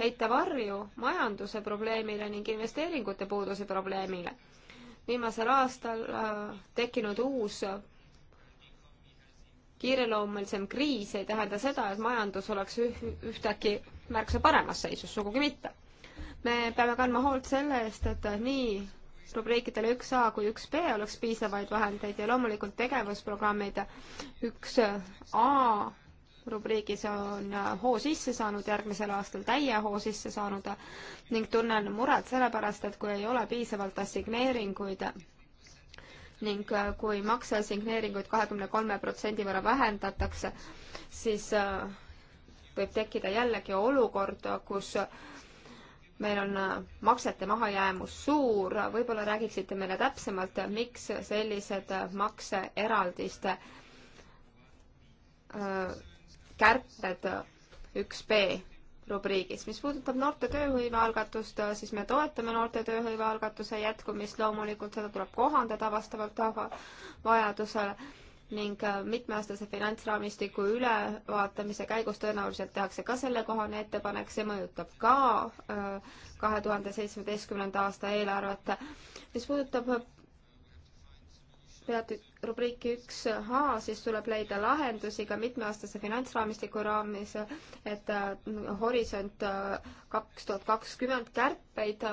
heita varju majanduse probleemile ning investeeringute puuduse probleemile. viimasel aastal äh, tekkinud uus kiireloomulisem kriis ei tähenda seda, et majandus oleks üh-, ühtäkki märksa paremas seisus, sugugi mitte me peame kandma hoolt selle eest, et nii rubriikidele üks A kui üks B oleks piisavaid vahendeid ja loomulikult tegevusprogrammid üks A rubriigis on hoo sisse saanud, järgmisel aastal täie hoo sisse saanud ning tunnen muret sellepärast, et kui ei ole piisavalt assigneeringuid ning kui makseassigneeringuid kahekümne kolme protsendi võrra vähendatakse, siis võib tekkida jällegi olukord, kus meil on äh, maksete mahajäämus suur, võib-olla räägiksite meile täpsemalt, miks sellised äh, makseeraldiste äh, kärped üks B rubriigis. mis puudutab noorte tööhõive algatust, siis me toetame noorte tööhõive algatuse jätkumist, loomulikult seda tuleb kohandada vastavalt vajadusele ning äh, mitmeaastase finantsraamistiku ülevaatamise käigus tõenäoliselt tehakse ka sellekohane ettepanek, see mõjutab ka äh, kahe tuhande seitsmeteistkümnenda aasta eelarvet. mis puudutab äh, peatükk, rubriiki üks H, siis tuleb leida lahendusi ka mitmeaastase finantsraamistiku raames, et Horisont kaks tuhat kakskümmend kärpeid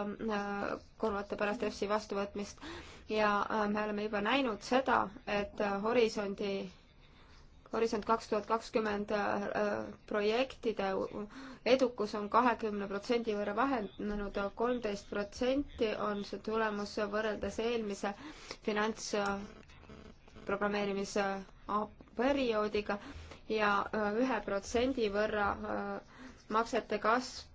korvata pärast EFSi vastuvõtmist ja äh, me oleme juba näinud seda, et äh, horisondi Horisont kaks tuhat kakskümmend äh, projektide edukus on kahekümne protsendi võrra vähenenud, kolmteist protsenti on see tulemus võrreldes eelmise finantsprogrammeerimise perioodiga ja ühe protsendi võrra maksete kasv,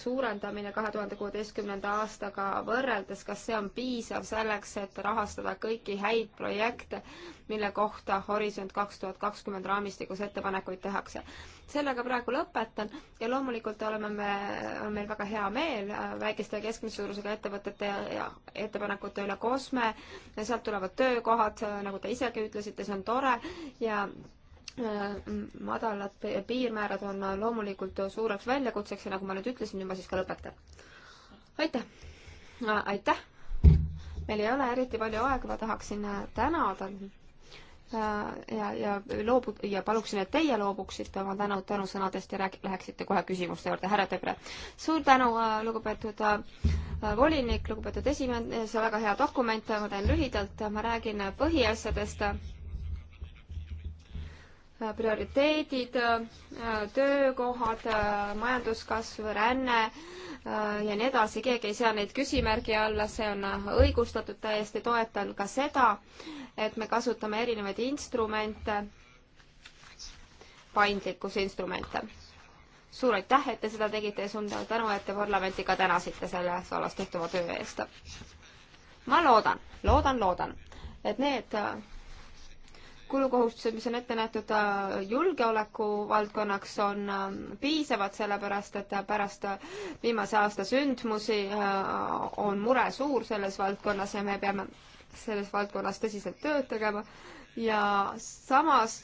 suurendamine kahe tuhande kuueteistkümnenda aastaga võrreldes, kas see on piisav selleks, et rahastada kõiki häid projekte, mille kohta Horisont kaks tuhat kakskümmend raamistikus ettepanekuid tehakse? sellega praegu lõpetan ja loomulikult oleme me, on meil väga hea meel äh, väikeste ja keskmise suurusega ettevõtete ja ettepanekute üle Kosme, sealt tulevad töökohad, äh, nagu te isegi ütlesite, see on tore ja Äh, madalad piirmäärad on loomulikult suureks väljakutseks ja nagu ma nüüd ütlesin, nüüd ma siis ka lõpetan. aitäh! aitäh! meil ei ole eriti palju aega, ma tahaksin äh, tänada äh, ja, ja loobu- ja paluksin, et teie loobuksite oma tänu, tänusõnadest ja räägi-, läheksite kohe küsimuste juurde, härra Tebre. suur tänu, lugupeetud volinik, lugupeetud esimees, väga hea dokument, ma teen lühidalt, ma räägin põhiasjadest Äh, prioriteedid, äh, töökohad, äh, majanduskasv, ränne ja nii edasi, keegi ei sea neid küsimärgi alla, see on õigustatud, täiesti toetan ka seda, et me kasutame erinevaid instrumente, paindlikkusinstrumente. suur aitäh, et te seda tegite ja suur tänu, et te parlamenti ka tänasite selles vallas tehtava töö eest. ma loodan, loodan, loodan, et need kulukohustused, mis on ette nähtud äh, julgeoleku valdkonnaks, on äh, piisavad, sellepärast et äh, pärast viimase aasta sündmusi on mure suur selles valdkonnas ja me peame selles valdkonnas tõsiselt tööd tegema ja samas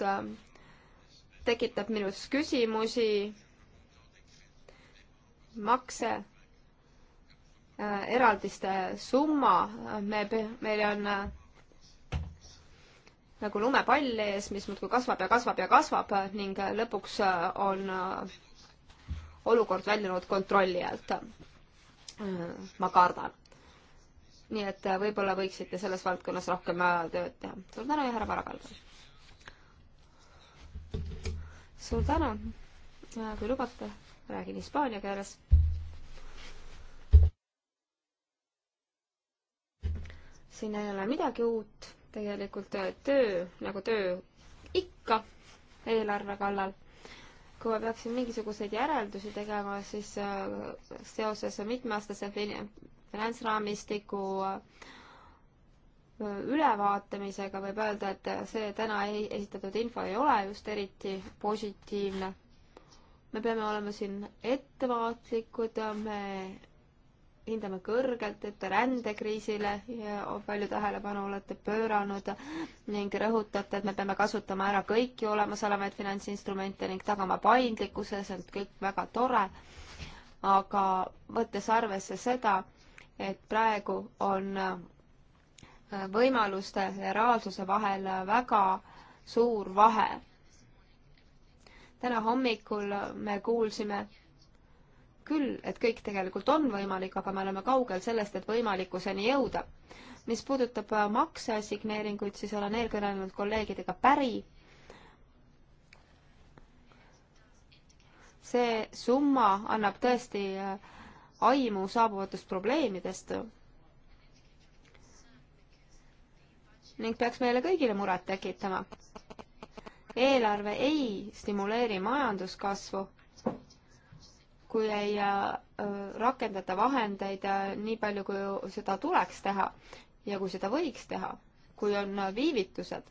tekitab minus küsimusi makse eraldiste summa, me, meil on nagu lumepall ees, mis muudkui kasvab ja kasvab ja kasvab ning lõpuks äh, on äh, olukord väljunud kontrolli alt. Äh, ma kardan. nii et võib-olla võiksite selles valdkonnas rohkem tööd teha. suur tänu ja härra Parakalv. suur tänu. kui lubate, räägin hispaania keeles. siin ei ole midagi uut tegelikult töö nagu töö ikka eelarve kallal. kui ma peaksin mingisuguseid järeldusi tegema, siis äh, seoses mitmeaastase finantsraamistiku äh, ülevaatamisega võib öelda, et see täna esitatud info ei ole just eriti positiivne. me peame olema siin ettevaatlikud, me hindame kõrgelt, et rändekriisile palju tähelepanu olete pööranud ning rõhutate, et me peame kasutama ära kõiki olemasolevaid finantsinstrumente ning tagama paindlikkuse, see on kõik väga tore. aga võttes arvesse seda, et praegu on äh, võimaluste ja reaalsuse vahel väga suur vahe. täna hommikul me kuulsime küll, et kõik tegelikult on võimalik, aga me oleme kaugel sellest, et võimalikkuseni jõuda. mis puudutab äh, makseassigneeringuid, siis olen eelkõnelenud kolleegidega päri. see summa annab tõesti äh, aimu saabuvatest probleemidest ning peaks meile kõigile muret tekitama. eelarve ei stimuleeri majanduskasvu kui ei äh, rakendata vahendeid äh, nii palju, kui seda tuleks teha ja kui seda võiks teha, kui on äh, viivitused.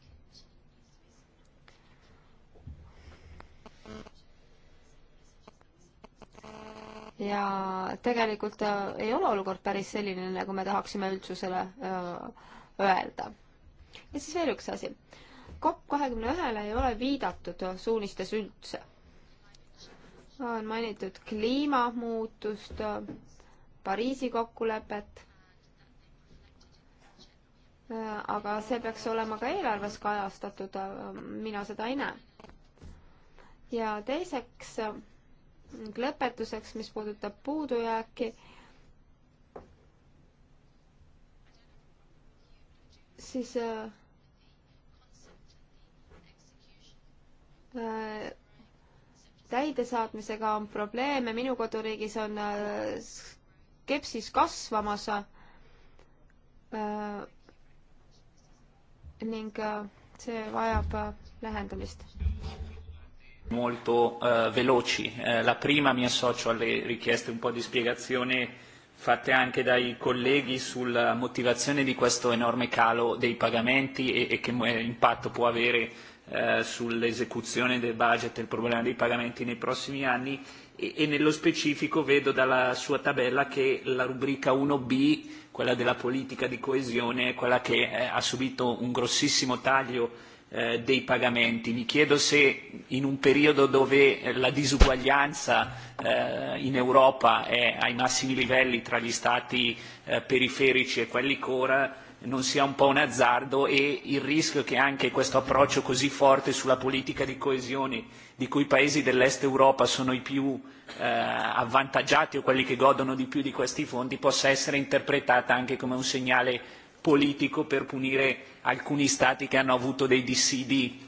ja tegelikult ei ole olukord päris selline, nagu me tahaksime üldsusele öelda. ja siis veel üks asi. COP kahekümne ühele ei ole viidatud suunistes üldse on mainitud kliimamuutust, Pariisi kokkulepet. aga see peaks olema ka eelarves kajastatud, mina seda ei näe. ja teiseks, lõpetuseks, mis puudutab puudujääki, siis äh, äh täidesaatmisega on probleeme, minu koduriigis on äh, skepsis kasvamas äh, ning äh, see vajab lähendamist.
Molto eh, veloci. Eh, la prima mi associo alle richieste un po' di spiegazione fatte anche dai colleghi sulla motivazione di questo enorme calo dei pagamenti e, e che eh, impatto può avere eh, sull'esecuzione del budget e il problema dei pagamenti nei prossimi anni e, e nello specifico vedo dalla sua tabella che la rubrica 1b, quella della politica di coesione, è quella che eh, ha subito un grossissimo taglio eh, dei pagamenti. Mi chiedo se in un periodo dove la disuguaglianza eh, in Europa è ai massimi livelli tra gli stati eh, periferici e quelli core, non sia un po' un azzardo e il rischio che anche questo approccio così forte sulla politica di coesione, di cui i paesi dell'est Europa sono i più eh, avvantaggiati o quelli che godono di più di questi fondi, possa essere interpretata anche come un segnale politico per punire alcuni Stati che hanno avuto dei dissidi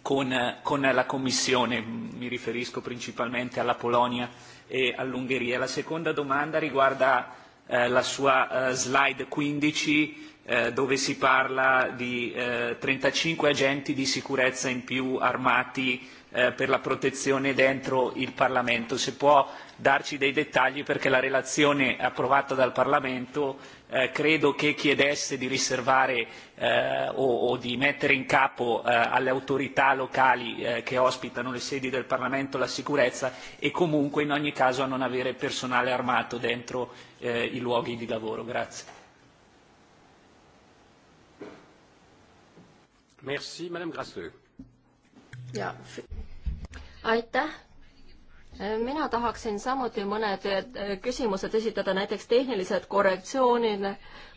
con, con la Commissione, mi riferisco principalmente alla Polonia e all'Ungheria. La seconda domanda riguarda eh, la sua eh, slide 15 eh, dove si parla di eh, 35 agenti di sicurezza in più armati eh, per la protezione dentro il Parlamento. Se può darci dei dettagli perché la relazione approvata dal Parlamento eh, credo che chiedesse di riservare eh, o, o di mettere in capo eh, alle autorità locali eh, che ospitano le sedi del Parlamento la sicurezza e comunque in ogni caso a non avere personale armato dentro eh, i luoghi di lavoro. Grazie.
Merci, madame Grassle.
jaa.
aitäh. mina tahaksin samuti mõned eh, küsimused esitada, näiteks tehnilised korrektsioonid.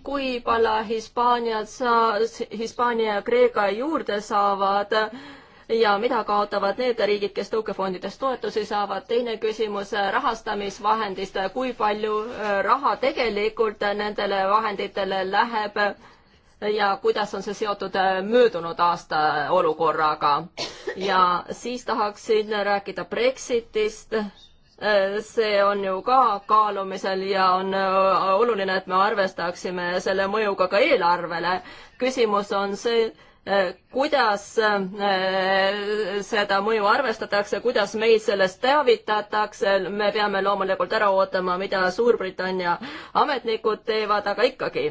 kui palju Hispaaniad saa-, Hispaania ja Kreeka juurde saavad ja mida kaotavad need riigid, kes tõukefondidest toetusi saavad. teine küsimus rahastamisvahendist, kui palju eh, raha tegelikult nendele vahenditele läheb ja kuidas on see seotud äh, möödunud aasta äh, olukorraga. ja siis tahaksin rääkida Brexitist. Äh, see on ju ka kaalumisel ja on oluline, et me arvestaksime selle mõjuga ka eelarvele. küsimus on see kuidas äh, seda mõju arvestatakse, kuidas meid sellest teavitatakse, me peame loomulikult ära ootama, mida Suurbritannia ametnikud teevad, aga ikkagi.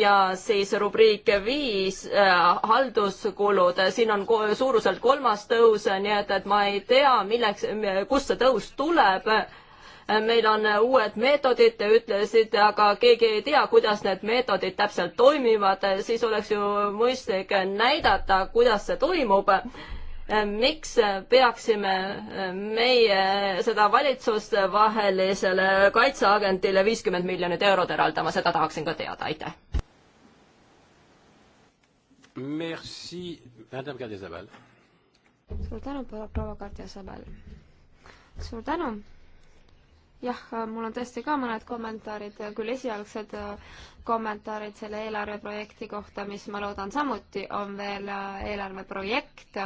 ja siis rubriik viis, äh, halduskulud, siin on suuruselt kolmas tõus, nii et, et ma ei tea, milleks, kust see tõus tuleb Äh, meil on äh, uued meetodid, te ütlesite, aga keegi ei tea, kuidas need meetodid täpselt toimivad, äh, siis oleks ju mõistlik näidata, kuidas see toimub. miks peaksime meie seda valitsustevahelisele kaitseagentile viiskümmend miljonit eurot eraldama, seda tahaksin ka teada, aitäh.
Merci, madame Gardiazabal.
suur tänu, proua Gardiazabal. suur tänu jah, mul on tõesti ka mõned kommentaarid, küll esialgsed äh, kommentaarid selle eelarveprojekti kohta, mis ma loodan samuti on veel äh, eelarveprojekt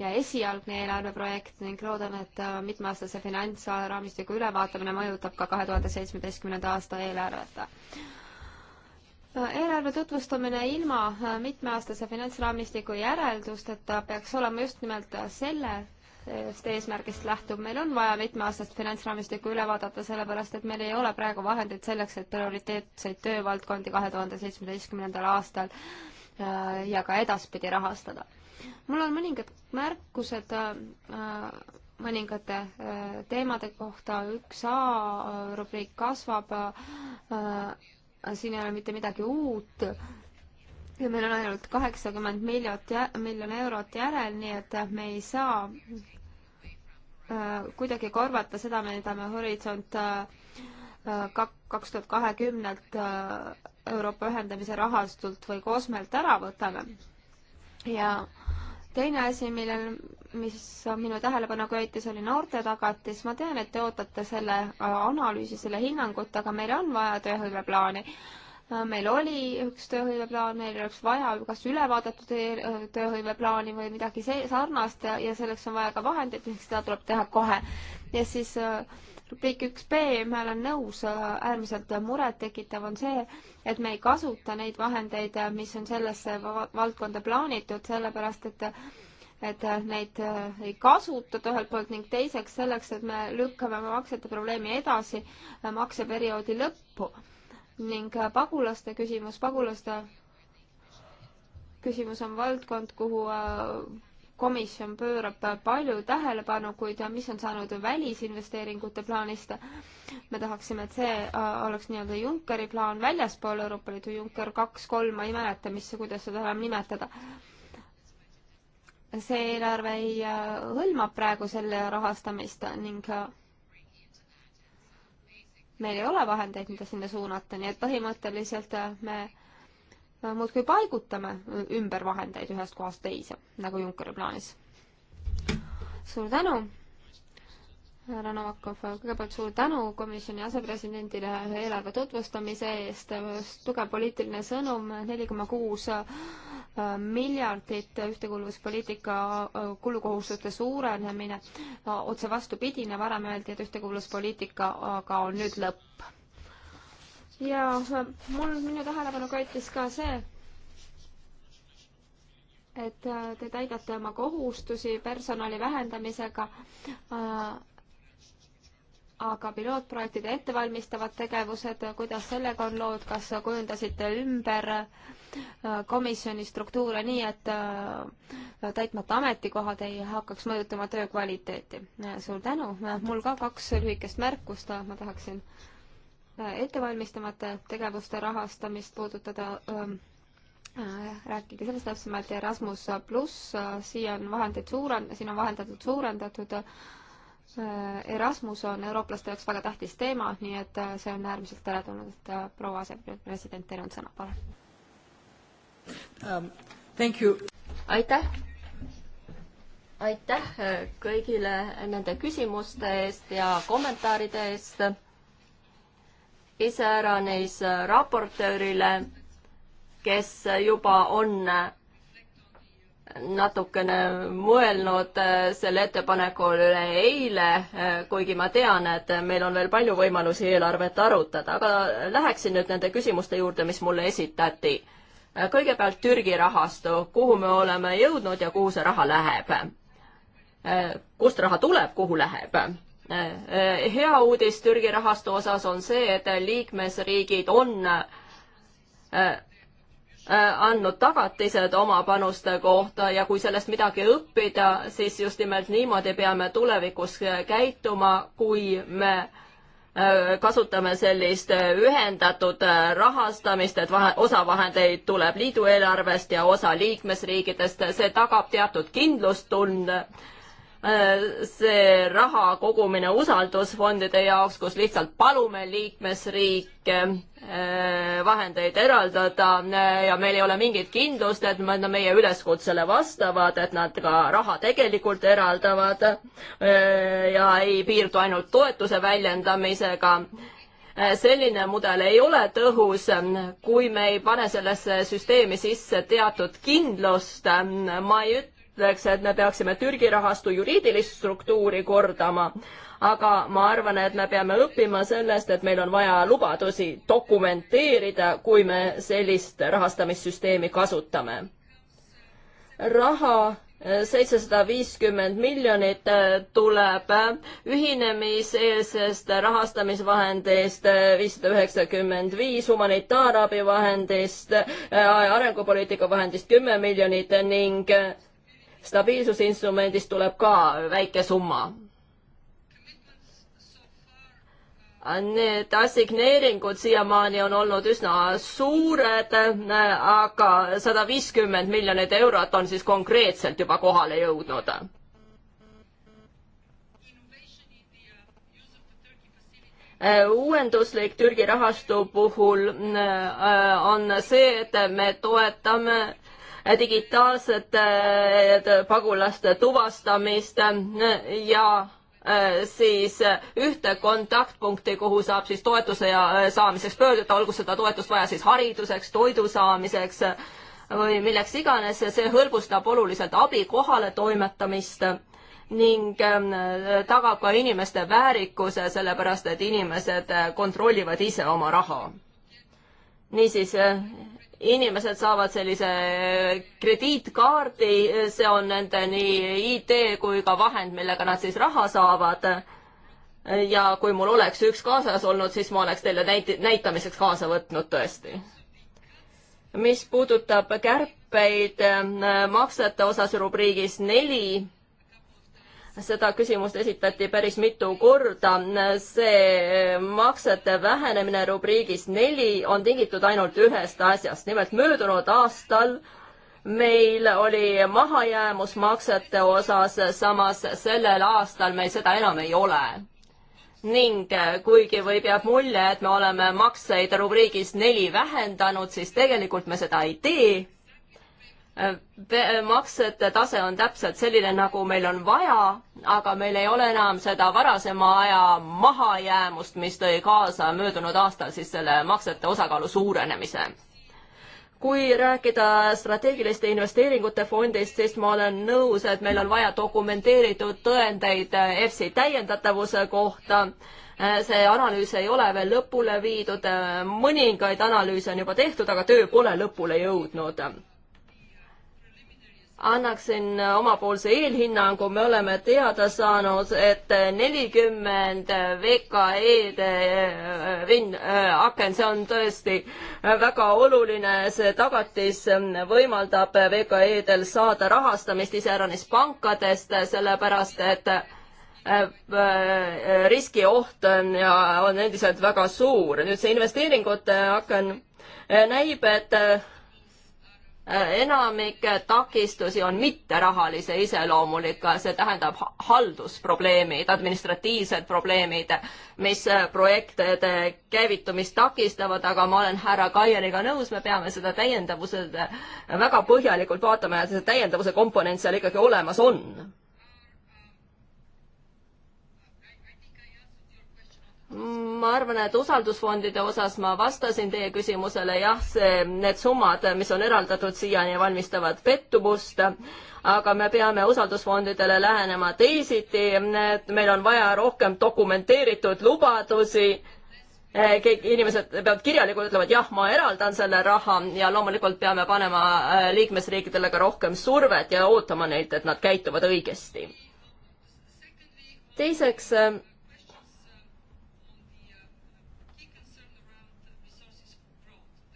ja esialgne eelarveprojekt ning loodan, et äh, mitmeaastase finantsraamistiku ülevaatamine mõjutab ka kahe tuhande seitsmeteistkümnenda aasta eelarvet eelarve tutvustamine ilma mitmeaastase finantsraamistiku järeldusteta peaks olema just nimelt selle sellest eesmärgist lähtub, meil on vaja mitmeaastast finantsraamistikku üle vaadata, sellepärast et meil ei ole praegu vahendeid selleks, et prioriteetseid töövaldkondi kahe tuhande seitsmeteistkümnendal aastal äh, ja ka edaspidi rahastada. mul on mõningad märkused äh, mõningate äh, teemade kohta, üks A rubriik kasvab, siin ei ole mitte midagi uut ja meil on ainult kaheksakümmend miljonit, miljon eurot järel, nii et me ei saa äh, kuidagi korvata seda, mida me Horisont äh, äh, kaks tuhat kahekümnelt Euroopa ühendamise rahastult või kosmelt ära võtame. ja teine asi, millel, mis minu tähelepanu köitis, oli noorte tagatis. ma tean, et te ootate selle analüüsi, selle hinnangut, aga meil on vaja tööhõiveplaani Äh, meil oli üks tööhõiveplaan, meil oleks vaja kas ülevaadetud äh, tööhõiveplaani või midagi see, sarnast ja, ja selleks on vaja ka vahendeid, ehk seda tuleb teha kohe. ja siis äh, rubriik üks B, ma olen nõus, äärmiselt murettekitav on see, et me ei kasuta neid vahendeid, mis on sellesse valdkonda plaanitud, sellepärast et et neid ei kasutata ühelt poolt ning teiseks selleks, et me lükkame maksete probleemi edasi makseperioodi lõppu ning äh, pagulaste küsimus, pagulaste küsimus on valdkond, kuhu äh, komisjon pöörab äh, palju tähelepanu, kuid mis on saanud välisinvesteeringute plaanist. me tahaksime, et see oleks nii-öelda Junckeri plaan väljaspool Euroopa Liidu Juncker kaks, kolm, ma ei mäleta, mis, kuidas seda enam nimetada. see eelarve ei hõlma praegu selle rahastamist ning meil ei ole vahendeid, mida sinna suunata, nii et põhimõtteliselt äh, me muudkui paigutame ümber vahendeid ühest kohast teise, nagu Junckeri plaanis. suur tänu härra Novakov, kõigepealt suur tänu komisjoni asepresidendile eelarve tutvustamise eest, tugev poliitiline sõnum, neli koma kuus äh, miljardit ühtekuuluvuspoliitika äh, kulukohustuste suurenemine, otse vastupidine, varem öeldi, et ühtekuuluvuspoliitikaga on nüüd lõpp. ja äh, mul, minu tähelepanu köitis ka see, et te täidate oma kohustusi personali vähendamisega aga pilootprojektide ettevalmistavad tegevused, kuidas sellega on lood, kas kujundasite ümber äh, komisjoni struktuure nii, et äh, täitmata ametikohad ei hakkaks mõjutama töö kvaliteeti? Äh, suur tänu, mul ka kaks lühikest märkust, ma tahaksin ettevalmistamata tegevuste rahastamist puudutada ähm, rääkige sellest täpsemalt, Erasmus pluss, siia on vahendeid suurend-, siin on vahendatud, suurendatud, suurendatud Äh, Erasmus on eurooplaste jaoks väga tähtis teema, nii et äh, see on äärmiselt teretulnud, et äh, proua asepresident, teil on sõna, palun
um,. aitäh! aitäh kõigile nende küsimuste eest ja kommentaaride eest, iseäranis raportöörile, kes juba on natukene mõelnud äh, selle ettepaneku üle eile, äh, kuigi ma tean, et meil on veel palju võimalusi eelarvet arutada, aga läheksin nüüd nende küsimuste juurde, mis mulle esitati. Äh, kõigepealt Türgi rahastu, kuhu me oleme jõudnud ja kuhu see raha läheb? kust raha tuleb, kuhu läheb? hea uudis Türgi rahastu osas on see, et liikmesriigid on Äh, andnud tagatised oma panuste kohta ja kui sellest midagi õppida, siis just nimelt niimoodi peame tulevikus käituma, kui me äh, kasutame sellist äh, ühendatud rahastamist, et vahe, osa vahendeid tuleb liidu eelarvest ja osa liikmesriikidest, see tagab teatud kindlustunde Äh, see raha kogumine usaldusfondide jaoks, kus lihtsalt palume liikmesriike äh, vahendeid eraldada äh, ja meil ei ole mingit kindlust, et nad meie üleskutsele vastavad, et nad ka raha tegelikult eraldavad ja ei piirdu ainult toetuse väljendamisega selline mudel ei ole tõhus, kui me ei pane sellesse süsteemi sisse teatud kindlust. ma ei üt-, ütleks, et me peaksime Türgi rahastu juriidilist struktuuri kordama, aga ma arvan, et me peame õppima sellest, et meil on vaja lubadusi dokumenteerida, kui me sellist rahastamissüsteemi kasutame. raha eh, seitsesada viiskümmend miljonit eh, tuleb ühinemiseelsest rahastamisvahendist, eh, viissada üheksakümmend viis humanitaarabivahendist, arengupoliitika vahendist kümme miljonit ning stabiilsusinstrumendist tuleb ka väike summa. Need assigneeringud siiamaani on olnud üsna suured, aga sada viiskümmend miljonit eurot on siis konkreetselt juba kohale jõudnud uuenduslik Türgi rahastu puhul äh, on see, et me toetame digitaalsete pagulaste tuvastamist ja äh, siis ühte kontaktpunkti, kuhu saab siis toetuse ja äh, saamiseks pöörduda, olgu seda toetust vaja siis hariduseks, toidu saamiseks või milleks iganes, see hõlbustab oluliselt abi kohale toimetamist ning äh, tagab ka inimeste väärikuse, sellepärast et inimesed kontrollivad ise oma raha. niisiis inimesed saavad sellise krediitkaardi, see on nende nii ID kui ka vahend, millega nad siis raha saavad. ja kui mul oleks üks kaasas olnud, siis ma oleks teile näit-, näitamiseks kaasa võtnud tõesti. mis puudutab kärpeid eh, maksete osas rubriigis neli seda küsimust esitati päris mitu korda. see maksete vähenemine rubriigis neli on tingitud ainult ühest asjast, nimelt möödunud aastal meil oli mahajäämus maksete osas, samas sellel aastal meil seda enam ei ole. ning kuigi võib, jääb mulje, et me oleme makseid rubriigis neli vähendanud, siis tegelikult me seda ei tee maksete tase on täpselt selline, nagu meil on vaja, aga meil ei ole enam seda varasema aja mahajäämust, mis tõi kaasa möödunud aastal siis selle maksete osakaalu suurenemise. kui rääkida strateegiliste investeeringute fondist, siis ma olen nõus, et meil on vaja dokumenteeritud tõendeid EFSI täiendatavuse kohta see analüüs ei ole veel lõpule viidud, mõningaid analüüse on juba tehtud, aga töö pole lõpule jõudnud annaksin omapoolse eelhinnangu, me oleme teada saanud, et nelikümmend VKE-d äh, vinn äh,, aken, see on tõesti väga oluline, see tagatis võimaldab VKE-del saada rahastamist iseäranis pankadest, sellepärast et äh, riskioht on ja on endiselt väga suur. nüüd see investeeringute aken äh, näib, et Äh, enamik takistusi on mitterahalise iseloomuliga, see tähendab haldusprobleemid, administratiivsed probleemid, mis äh, projektide käivitumist takistavad, aga ma olen härra Kaieriga nõus, me peame seda täiendavuse äh, väga põhjalikult vaatama ja see täiendavuse komponent seal ikkagi olemas on ma arvan, et usaldusfondide osas ma vastasin teie küsimusele, jah, see, need summad, mis on eraldatud siiani, valmistavad pettumust, aga me peame usaldusfondidele lähenema teisiti, et meil on vaja rohkem dokumenteeritud lubadusi, eh, keegi, inimesed peavad kirjalikult ütlevad, jah, ma eraldan selle raha ja loomulikult peame panema eh, liikmesriikidele ka rohkem survet ja ootama neilt, et nad käituvad õigesti. teiseks eh,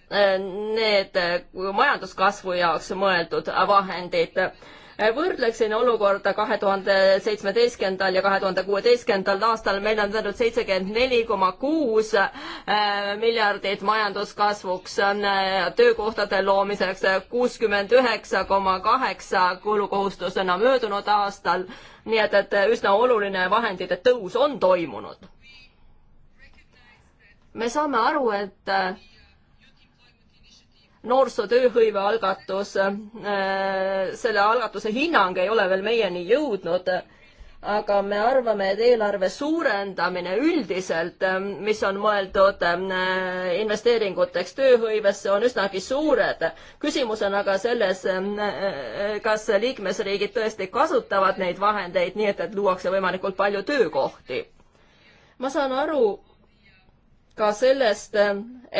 need äh, majanduskasvu jaoks mõeldud vahendid. võrdleksin olukorda kahe tuhande seitsmeteistkümnendal ja kahe tuhande kuueteistkümnendal aastal, meil on tähendab seitsekümmend neli koma kuus äh, miljardit majanduskasvuks, äh, töökohtade loomiseks kuuskümmend üheksa koma kaheksa kulukohustusena möödunud aastal, nii et, et üsna oluline vahendite tõus on toimunud. me saame aru, et noorsootööhõive algatus, äh, selle algatuse hinnang ei ole veel meieni jõudnud, aga me arvame, et eelarve suurendamine üldiselt, äh, mis on mõeldud äh, investeeringuteks tööhõivesse, on üsnagi suured. küsimus on aga selles, kas liikmesriigid tõesti kasutavad neid vahendeid nii, et, et luuakse võimalikult palju töökohti. ma saan aru, ka sellest,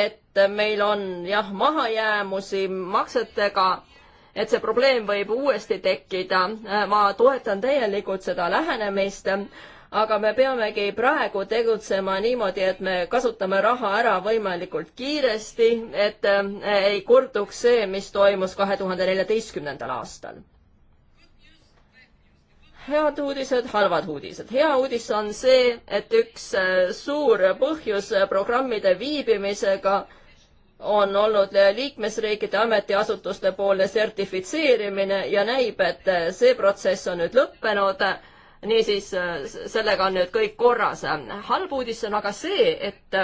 et meil on jah, mahajäämusi maksetega, et see probleem võib uuesti tekkida. ma toetan täielikult seda lähenemist, aga me peamegi praegu tegutsema niimoodi, et me kasutame raha ära võimalikult kiiresti, et ei korduks see, mis toimus kahe tuhande neljateistkümnendal aastal head uudised, halvad uudised. hea uudis on see, et üks äh, suur põhjus äh, programmide viibimisega on olnud äh, liikmesriikide ametiasutuste poolne sertifitseerimine ja näib, et see protsess on nüüd lõppenud. niisiis, sellega on nüüd kõik korras. halb uudis on aga see, et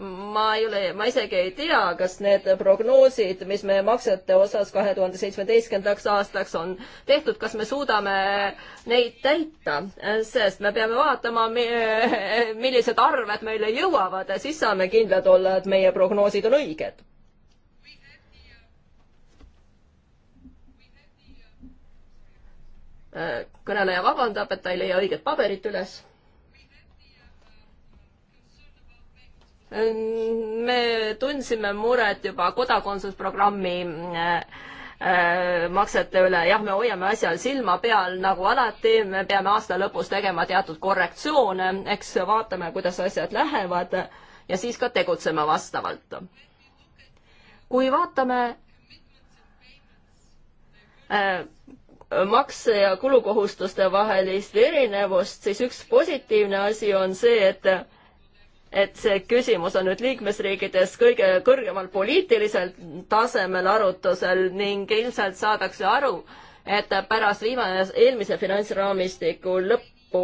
ma ei ole, ma isegi ei tea, kas need prognoosid, mis me maksete osas kahe tuhande seitsmeteistkümnendaks aastaks on tehtud, kas me suudame neid täita, sest me peame vaatama, millised arved meile jõuavad, siis saame kindlad olla, et meie prognoosid on õiged. kõneleja vabandab, et ta ei leia õiget paberit üles me tundsime muret juba kodakondsusprogrammi äh, äh, maksete üle, jah, me hoiame asjal silma peal, nagu alati, me peame aasta lõpus tegema teatud korrektsioone, eks vaatame, kuidas asjad lähevad ja siis ka tegutseme vastavalt. kui vaatame äh, makse ja kulukohustuste vahelist erinevust, siis üks positiivne asi on see, et et see küsimus on nüüd liikmesriikides kõige kõrgemal poliitilisel tasemel arutusel ning ilmselt saadakse aru, et pärast viimase, eelmise finantsraamistiku lõppu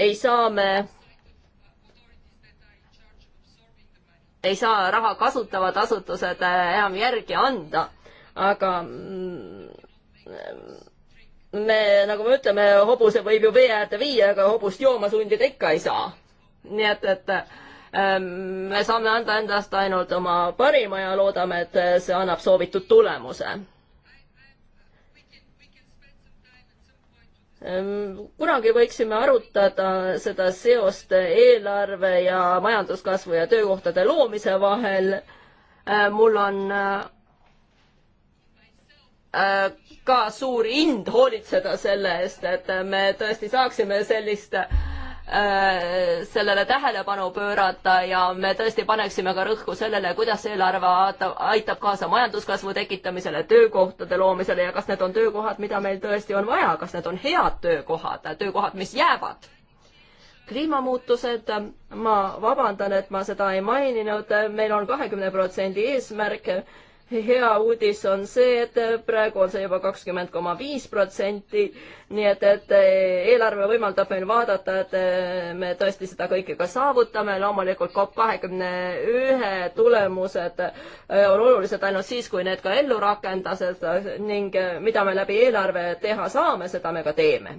ei saa me, ei saa raha kasutavad asutused enam järgi anda, aga mm, me, nagu me ütleme, hobuse võib ju vee äärde viia, aga hobust jooma sundida ikka ei saa. nii et, et ähm, me saame anda endast ainult oma parima ja loodame, et see annab soovitud tulemuse ähm,. kunagi võiksime arutada seda seost eelarve ja majanduskasvu ja töökohtade loomise vahel äh,. mul on äh, Äh, ka suur hind hoolitseda selle eest, et me tõesti saaksime sellist äh, sellele tähelepanu pöörata ja me tõesti paneksime ka rõhku sellele, kuidas eelarve aitab kaasa majanduskasvu tekitamisele, töökohtade loomisele ja kas need on töökohad, mida meil tõesti on vaja, kas need on head töökohad, töökohad, mis jäävad kliimamuutused, ma vabandan, et ma seda ei maininud, meil on kahekümne protsendi eesmärk hea uudis on see, et praegu on see juba kakskümmend koma viis protsenti, nii et, et eh, eelarve võimaldab meil vaadata, et eh, me tõesti seda kõike ka saavutame, loomulikult COP kahekümne ühe tulemused eh, on olulised ainult siis, kui need ka ellu rakendased ning mida me läbi eelarve teha saame, seda me ka teeme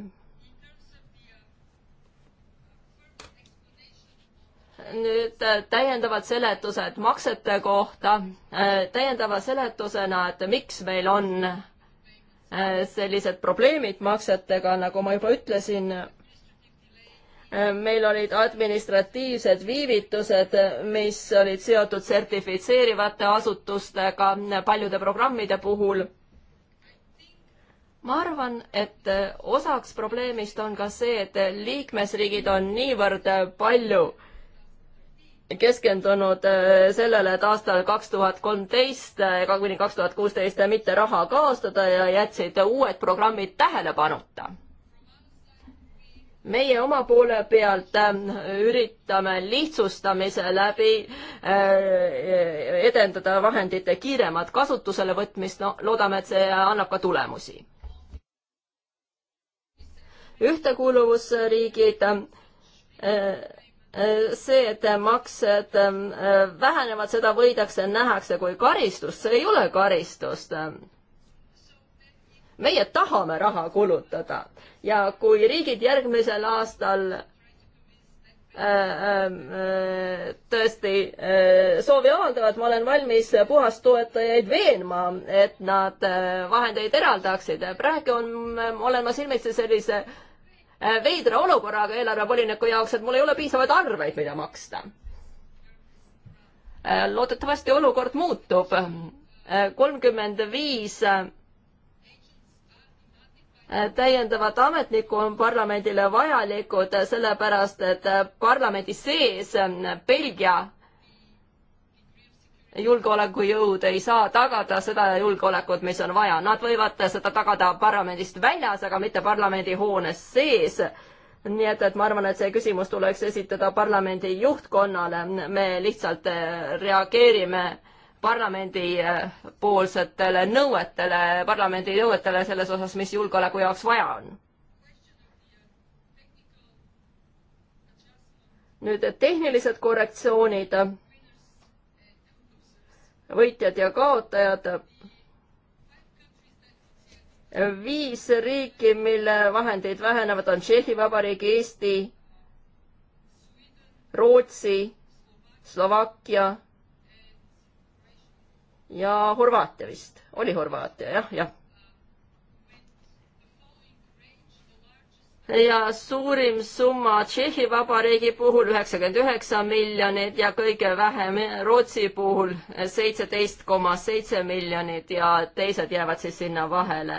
nüüd äh, täiendavad seletused maksete kohta, äh, täiendava seletusena, et miks meil on äh, sellised probleemid maksetega, nagu ma juba ütlesin, meil olid administratiivsed viivitused, mis olid seotud sertifitseerivate asutustega paljude programmide puhul. ma arvan, et osaks probleemist on ka see, et liikmesriigid on niivõrd palju äh, keskendunud äh, sellele, et aastal kaks tuhat kolmteist äh, kuni kaks tuhat kuusteist äh, mitte raha kaotada ja jätsid uued programmid tähelepanuta. meie oma poole pealt üritame lihtsustamise läbi edendada vahendite kiiremat kasutusele võtmist, no loodame, et see annab ka tulemusi. ühtekuuluvusriigid see, et maksed ähm, äh, vähenevad, seda võidakse, nähakse kui karistust, see ei ole karistust. meie tahame raha kulutada ja kui riigid järgmisel aastal äh, ähm, äh, tõesti soovi avaldavad, ma olen valmis puhastoetajaid veenma, et nad vahendeid eraldaksid. praegu on, olen ma silmitsi sellise Äh, veidra olukorraga eelarvevoliniku jaoks, et mul ei ole piisavaid arveid, mida maksta. Äh, loodetavasti olukord muutub. Äh, kolmkümmend viis täiendavat ametnikku on parlamendile vajalikud, sellepärast et parlamendi sees Belgia julgeolekujõud ei saa tagada seda julgeolekut, mis on vaja, nad võivad seda tagada parlamendist väljas, aga mitte parlamendihoones sees. nii et, et ma arvan, et see küsimus tuleks esitada parlamendi juhtkonnale, me lihtsalt eh, reageerime parlamendi eh, poolsetele nõuetele, parlamendi nõuetele selles osas, mis julgeoleku jaoks vaja on. nüüd tehnilised korrektsioonid võitjad ja kaotajad. viis riiki, mille vahendeid vähenevad, on Tšehhi Vabariik, Eesti, Rootsi, Slovakkia ja Horvaatia vist, oli Horvaatia, jah, jah ja suurim summa Tšehhi Vabariigi puhul üheksakümmend üheksa miljonit ja kõige vähem Rootsi puhul seitseteist koma seitse miljonit ja teised jäävad siis sinna vahele.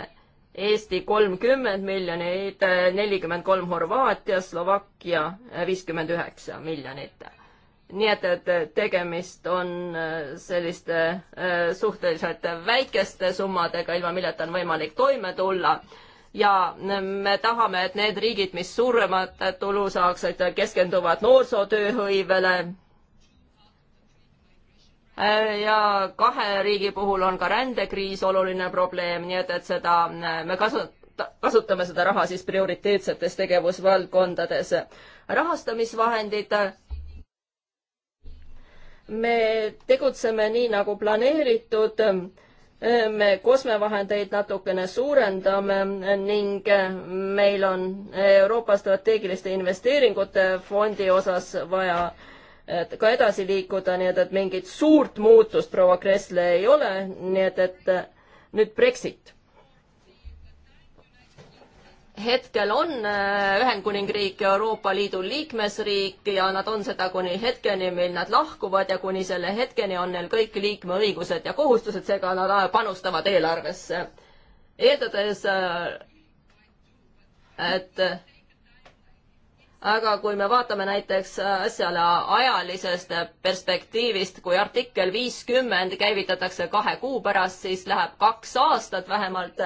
Eesti kolmkümmend miljonit, nelikümmend kolm Horvaatia, Slovakkia viiskümmend üheksa miljonit. nii et, et tegemist on äh, selliste äh, suhteliselt väikeste summadega, ilma milleta on võimalik toime tulla ja me tahame, et need riigid, mis suuremat tulu saaksid, keskenduvad noorsootööhõivele. ja kahe riigi puhul on ka rändekriis oluline probleem, nii et, et seda me kasu-, kasutame seda raha siis prioriteetsetes tegevusvaldkondades. rahastamisvahendid me tegutseme nii nagu planeeritud me kosmevahendeid natukene suurendame ning meil on Euroopa strateegiliste investeeringute fondi osas vaja ka edasi liikuda, nii et, et mingit suurt muutust proua Kressle ei ole, nii et, et nüüd Brexit hetkel on äh, Ühendkuningriik Euroopa Liidu liikmesriik ja nad on seda kuni hetkeni, mil nad lahkuvad ja kuni selle hetkeni on neil kõik liikmeõigused ja kohustused, seega nad äh, panustavad eelarvesse. eeldades, äh, et aga kui me vaatame näiteks äh, asjale ajalisest perspektiivist, kui artikkel viiskümmend käivitatakse kahe kuu pärast, siis läheb kaks aastat vähemalt,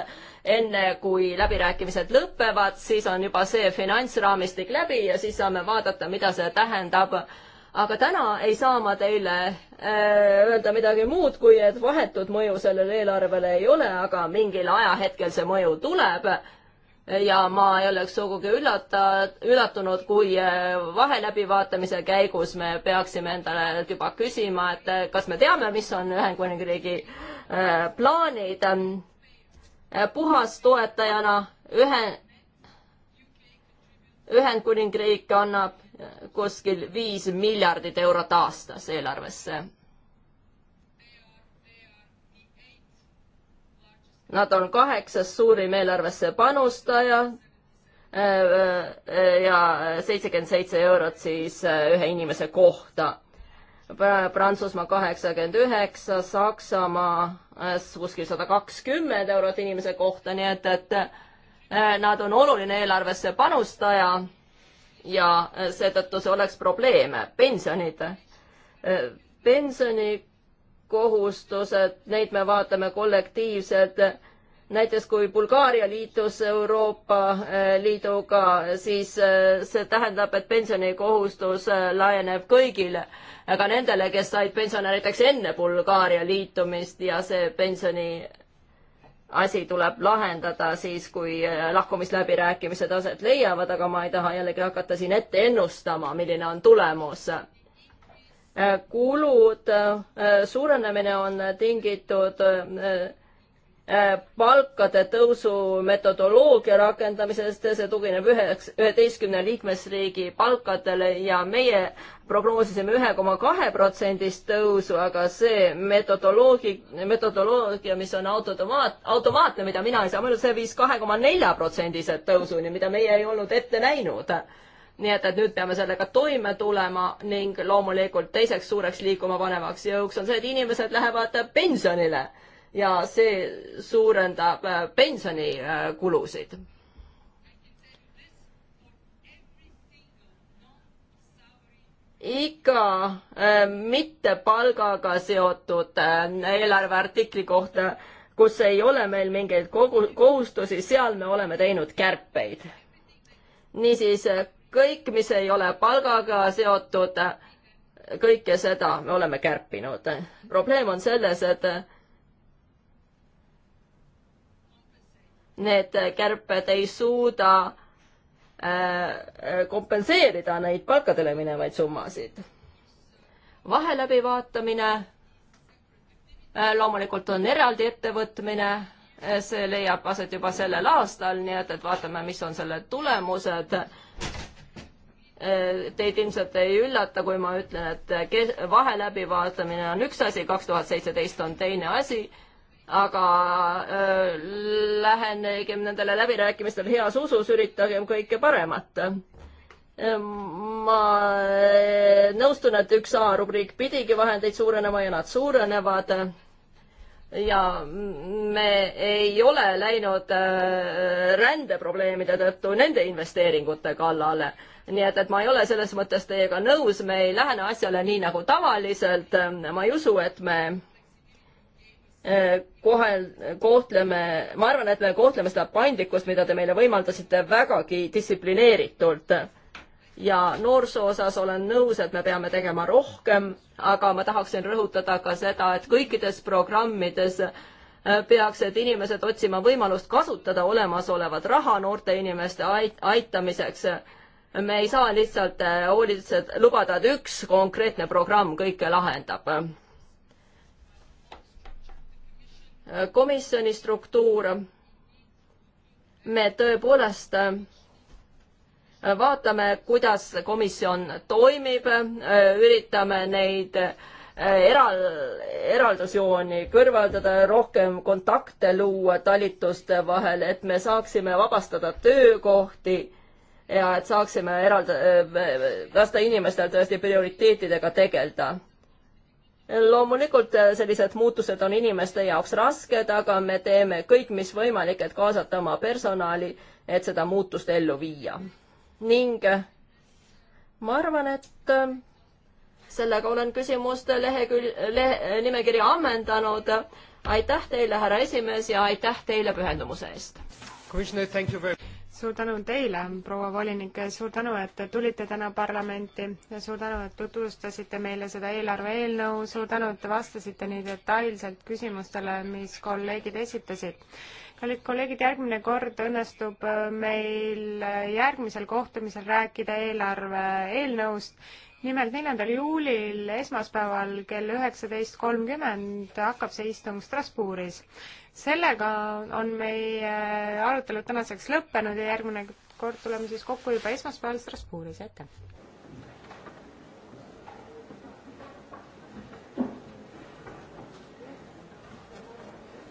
enne kui läbirääkimised lõpevad, siis on juba see finantsraamistik läbi ja siis saame vaadata, mida see tähendab. aga täna ei saa ma teile äh, öelda midagi muud, kui et vahetut mõju sellele eelarvele ei ole, aga mingil ajahetkel see mõju tuleb ja ma ei oleks sugugi üllata, üllatunud, kui äh, vahe läbivaatamise käigus me peaksime endale juba küsima, et äh, kas me teame, mis on Ühendkuningriigi äh, plaanid. puhas toetajana ühe, Ühendkuningriik annab kuskil viis miljardit eurot aastas eelarvesse Nad on kaheksas suurim eelarvesse panustaja äh, äh, ja seitsekümmend seitse eurot siis äh, ühe inimese kohta Prantsusmaa kaheksakümmend üheksa, Saksamaa kuskil sada kakskümmend eurot inimese kohta, nii et, et nad on oluline eelarvesse panustaja ja seetõttu see oleks probleem. pensionid, pensioni kohustused, neid me vaatame kollektiivselt. näiteks kui Bulgaaria liitus Euroopa eh, Liiduga, siis eh, see tähendab, et pensionikohustus eh, laieneb kõigile, ka nendele, kes said pensionäri näiteks enne Bulgaaria liitumist ja see pensioni asi tuleb lahendada siis, kui lahkumisläbirääkimised aset leiavad, aga ma ei taha jällegi hakata siin ette ennustama, milline on tulemus kulud äh, suurenemine on tingitud äh, äh, palkade tõusu metodoloogia rakendamisest, see tugineb üheks, üheteistkümne liikmesriigi palkadele ja meie prognoosisime ühe koma kahe protsendist tõusu, aga see metodoloogi, metodoloogia, mis on automaat, automaatne, mida mina ei saa mõelda, see viis kahe koma nelja protsendise tõusuni, mida meie ei olnud ette näinud nii et, et nüüd peame sellega toime tulema ning loomulikult teiseks suureks liikuma panemaks jõuks on see, et inimesed lähevad pensionile ja see suurendab äh, pensionikulusid. Äh, iga äh, mittepalgaga seotud eelarveartikli kohta, kus ei ole meil mingeid kogu, kohustusi, seal me oleme teinud kärpeid niisiis kõik, mis ei ole palgaga seotud, kõike seda me oleme kärpinud. probleem on selles, et need kärped ei suuda äh, kompenseerida neid palkadele minevaid summasid. vahe läbivaatamine äh, loomulikult on eraldi ettevõtmine, äh, see leiab aset juba sellel aastal, nii et, et vaatame, mis on selle tulemused Äh, teid ilmselt ei üllata, kui ma ütlen, et äh, vahe läbivaatamine on üks asi, kaks tuhat seitseteist on teine asi, aga äh, lähenegem nendele läbirääkimistele heas usus, üritagem kõike paremat ma nõustun, et üks A rubriik pidigi vahendeid suurenema ja nad suurenevad ja me ei ole läinud äh, rändeprobleemide tõttu nende investeeringute kallale. nii et, et ma ei ole selles mõttes teiega nõus, me ei lähene asjale nii nagu tavaliselt, ma ei usu, et me äh, kohel, kohtleme, ma arvan, et me kohtleme seda paindlikkust, mida te meile võimaldasite, vägagi distsiplineeritult ja noorsoo osas olen nõus, et me peame tegema rohkem, aga ma tahaksin rõhutada ka seda, et kõikides programmides äh, peaksid inimesed otsima võimalust kasutada olemasolevat raha noorte inimeste ait aitamiseks. me ei saa lihtsalt äh, hoolitseda, lubada, et üks konkreetne programm kõike lahendab. Äh, komisjoni struktuur, me tõepoolest vaatame, kuidas komisjon toimib, äh, üritame neid äh, eral-, eraldusjooni kõrvaldada ja rohkem kontakte luua talituste vahel, et me saaksime vabastada töökohti ja et saaksime eralda, äh, lasta inimestel tõesti prioriteetidega tegeleda loomulikult sellised muutused on inimeste jaoks rasked, aga me teeme kõik, mis võimalik, et kaasata oma personali, et seda muutust ellu viia ning ma arvan, et äh, sellega olen küsimuste lehekülg, lehe, nimekirja ammendanud. aitäh teile, härra esimees ja aitäh teile pühendumuse eest!
suur tänu teile, proua volinik, suur tänu, et tulite täna parlamenti ja suur tänu, et tutvustasite meile seda eelarve eelnõu, suur tänu, et te vastasite nii detailselt küsimustele, mis kolleegid esitasid kallid kolleegid, järgmine kord õnnestub äh, meil äh, järgmisel kohtumisel rääkida eelarve eelnõust. nimelt neljandal juulil, esmaspäeval kell üheksateist kolmkümmend hakkab see istung Strasbourgis. sellega on meie äh, arutelud tänaseks lõppenud ja järgmine kord tuleme siis kokku juba esmaspäeval Strasbourgis, aitäh!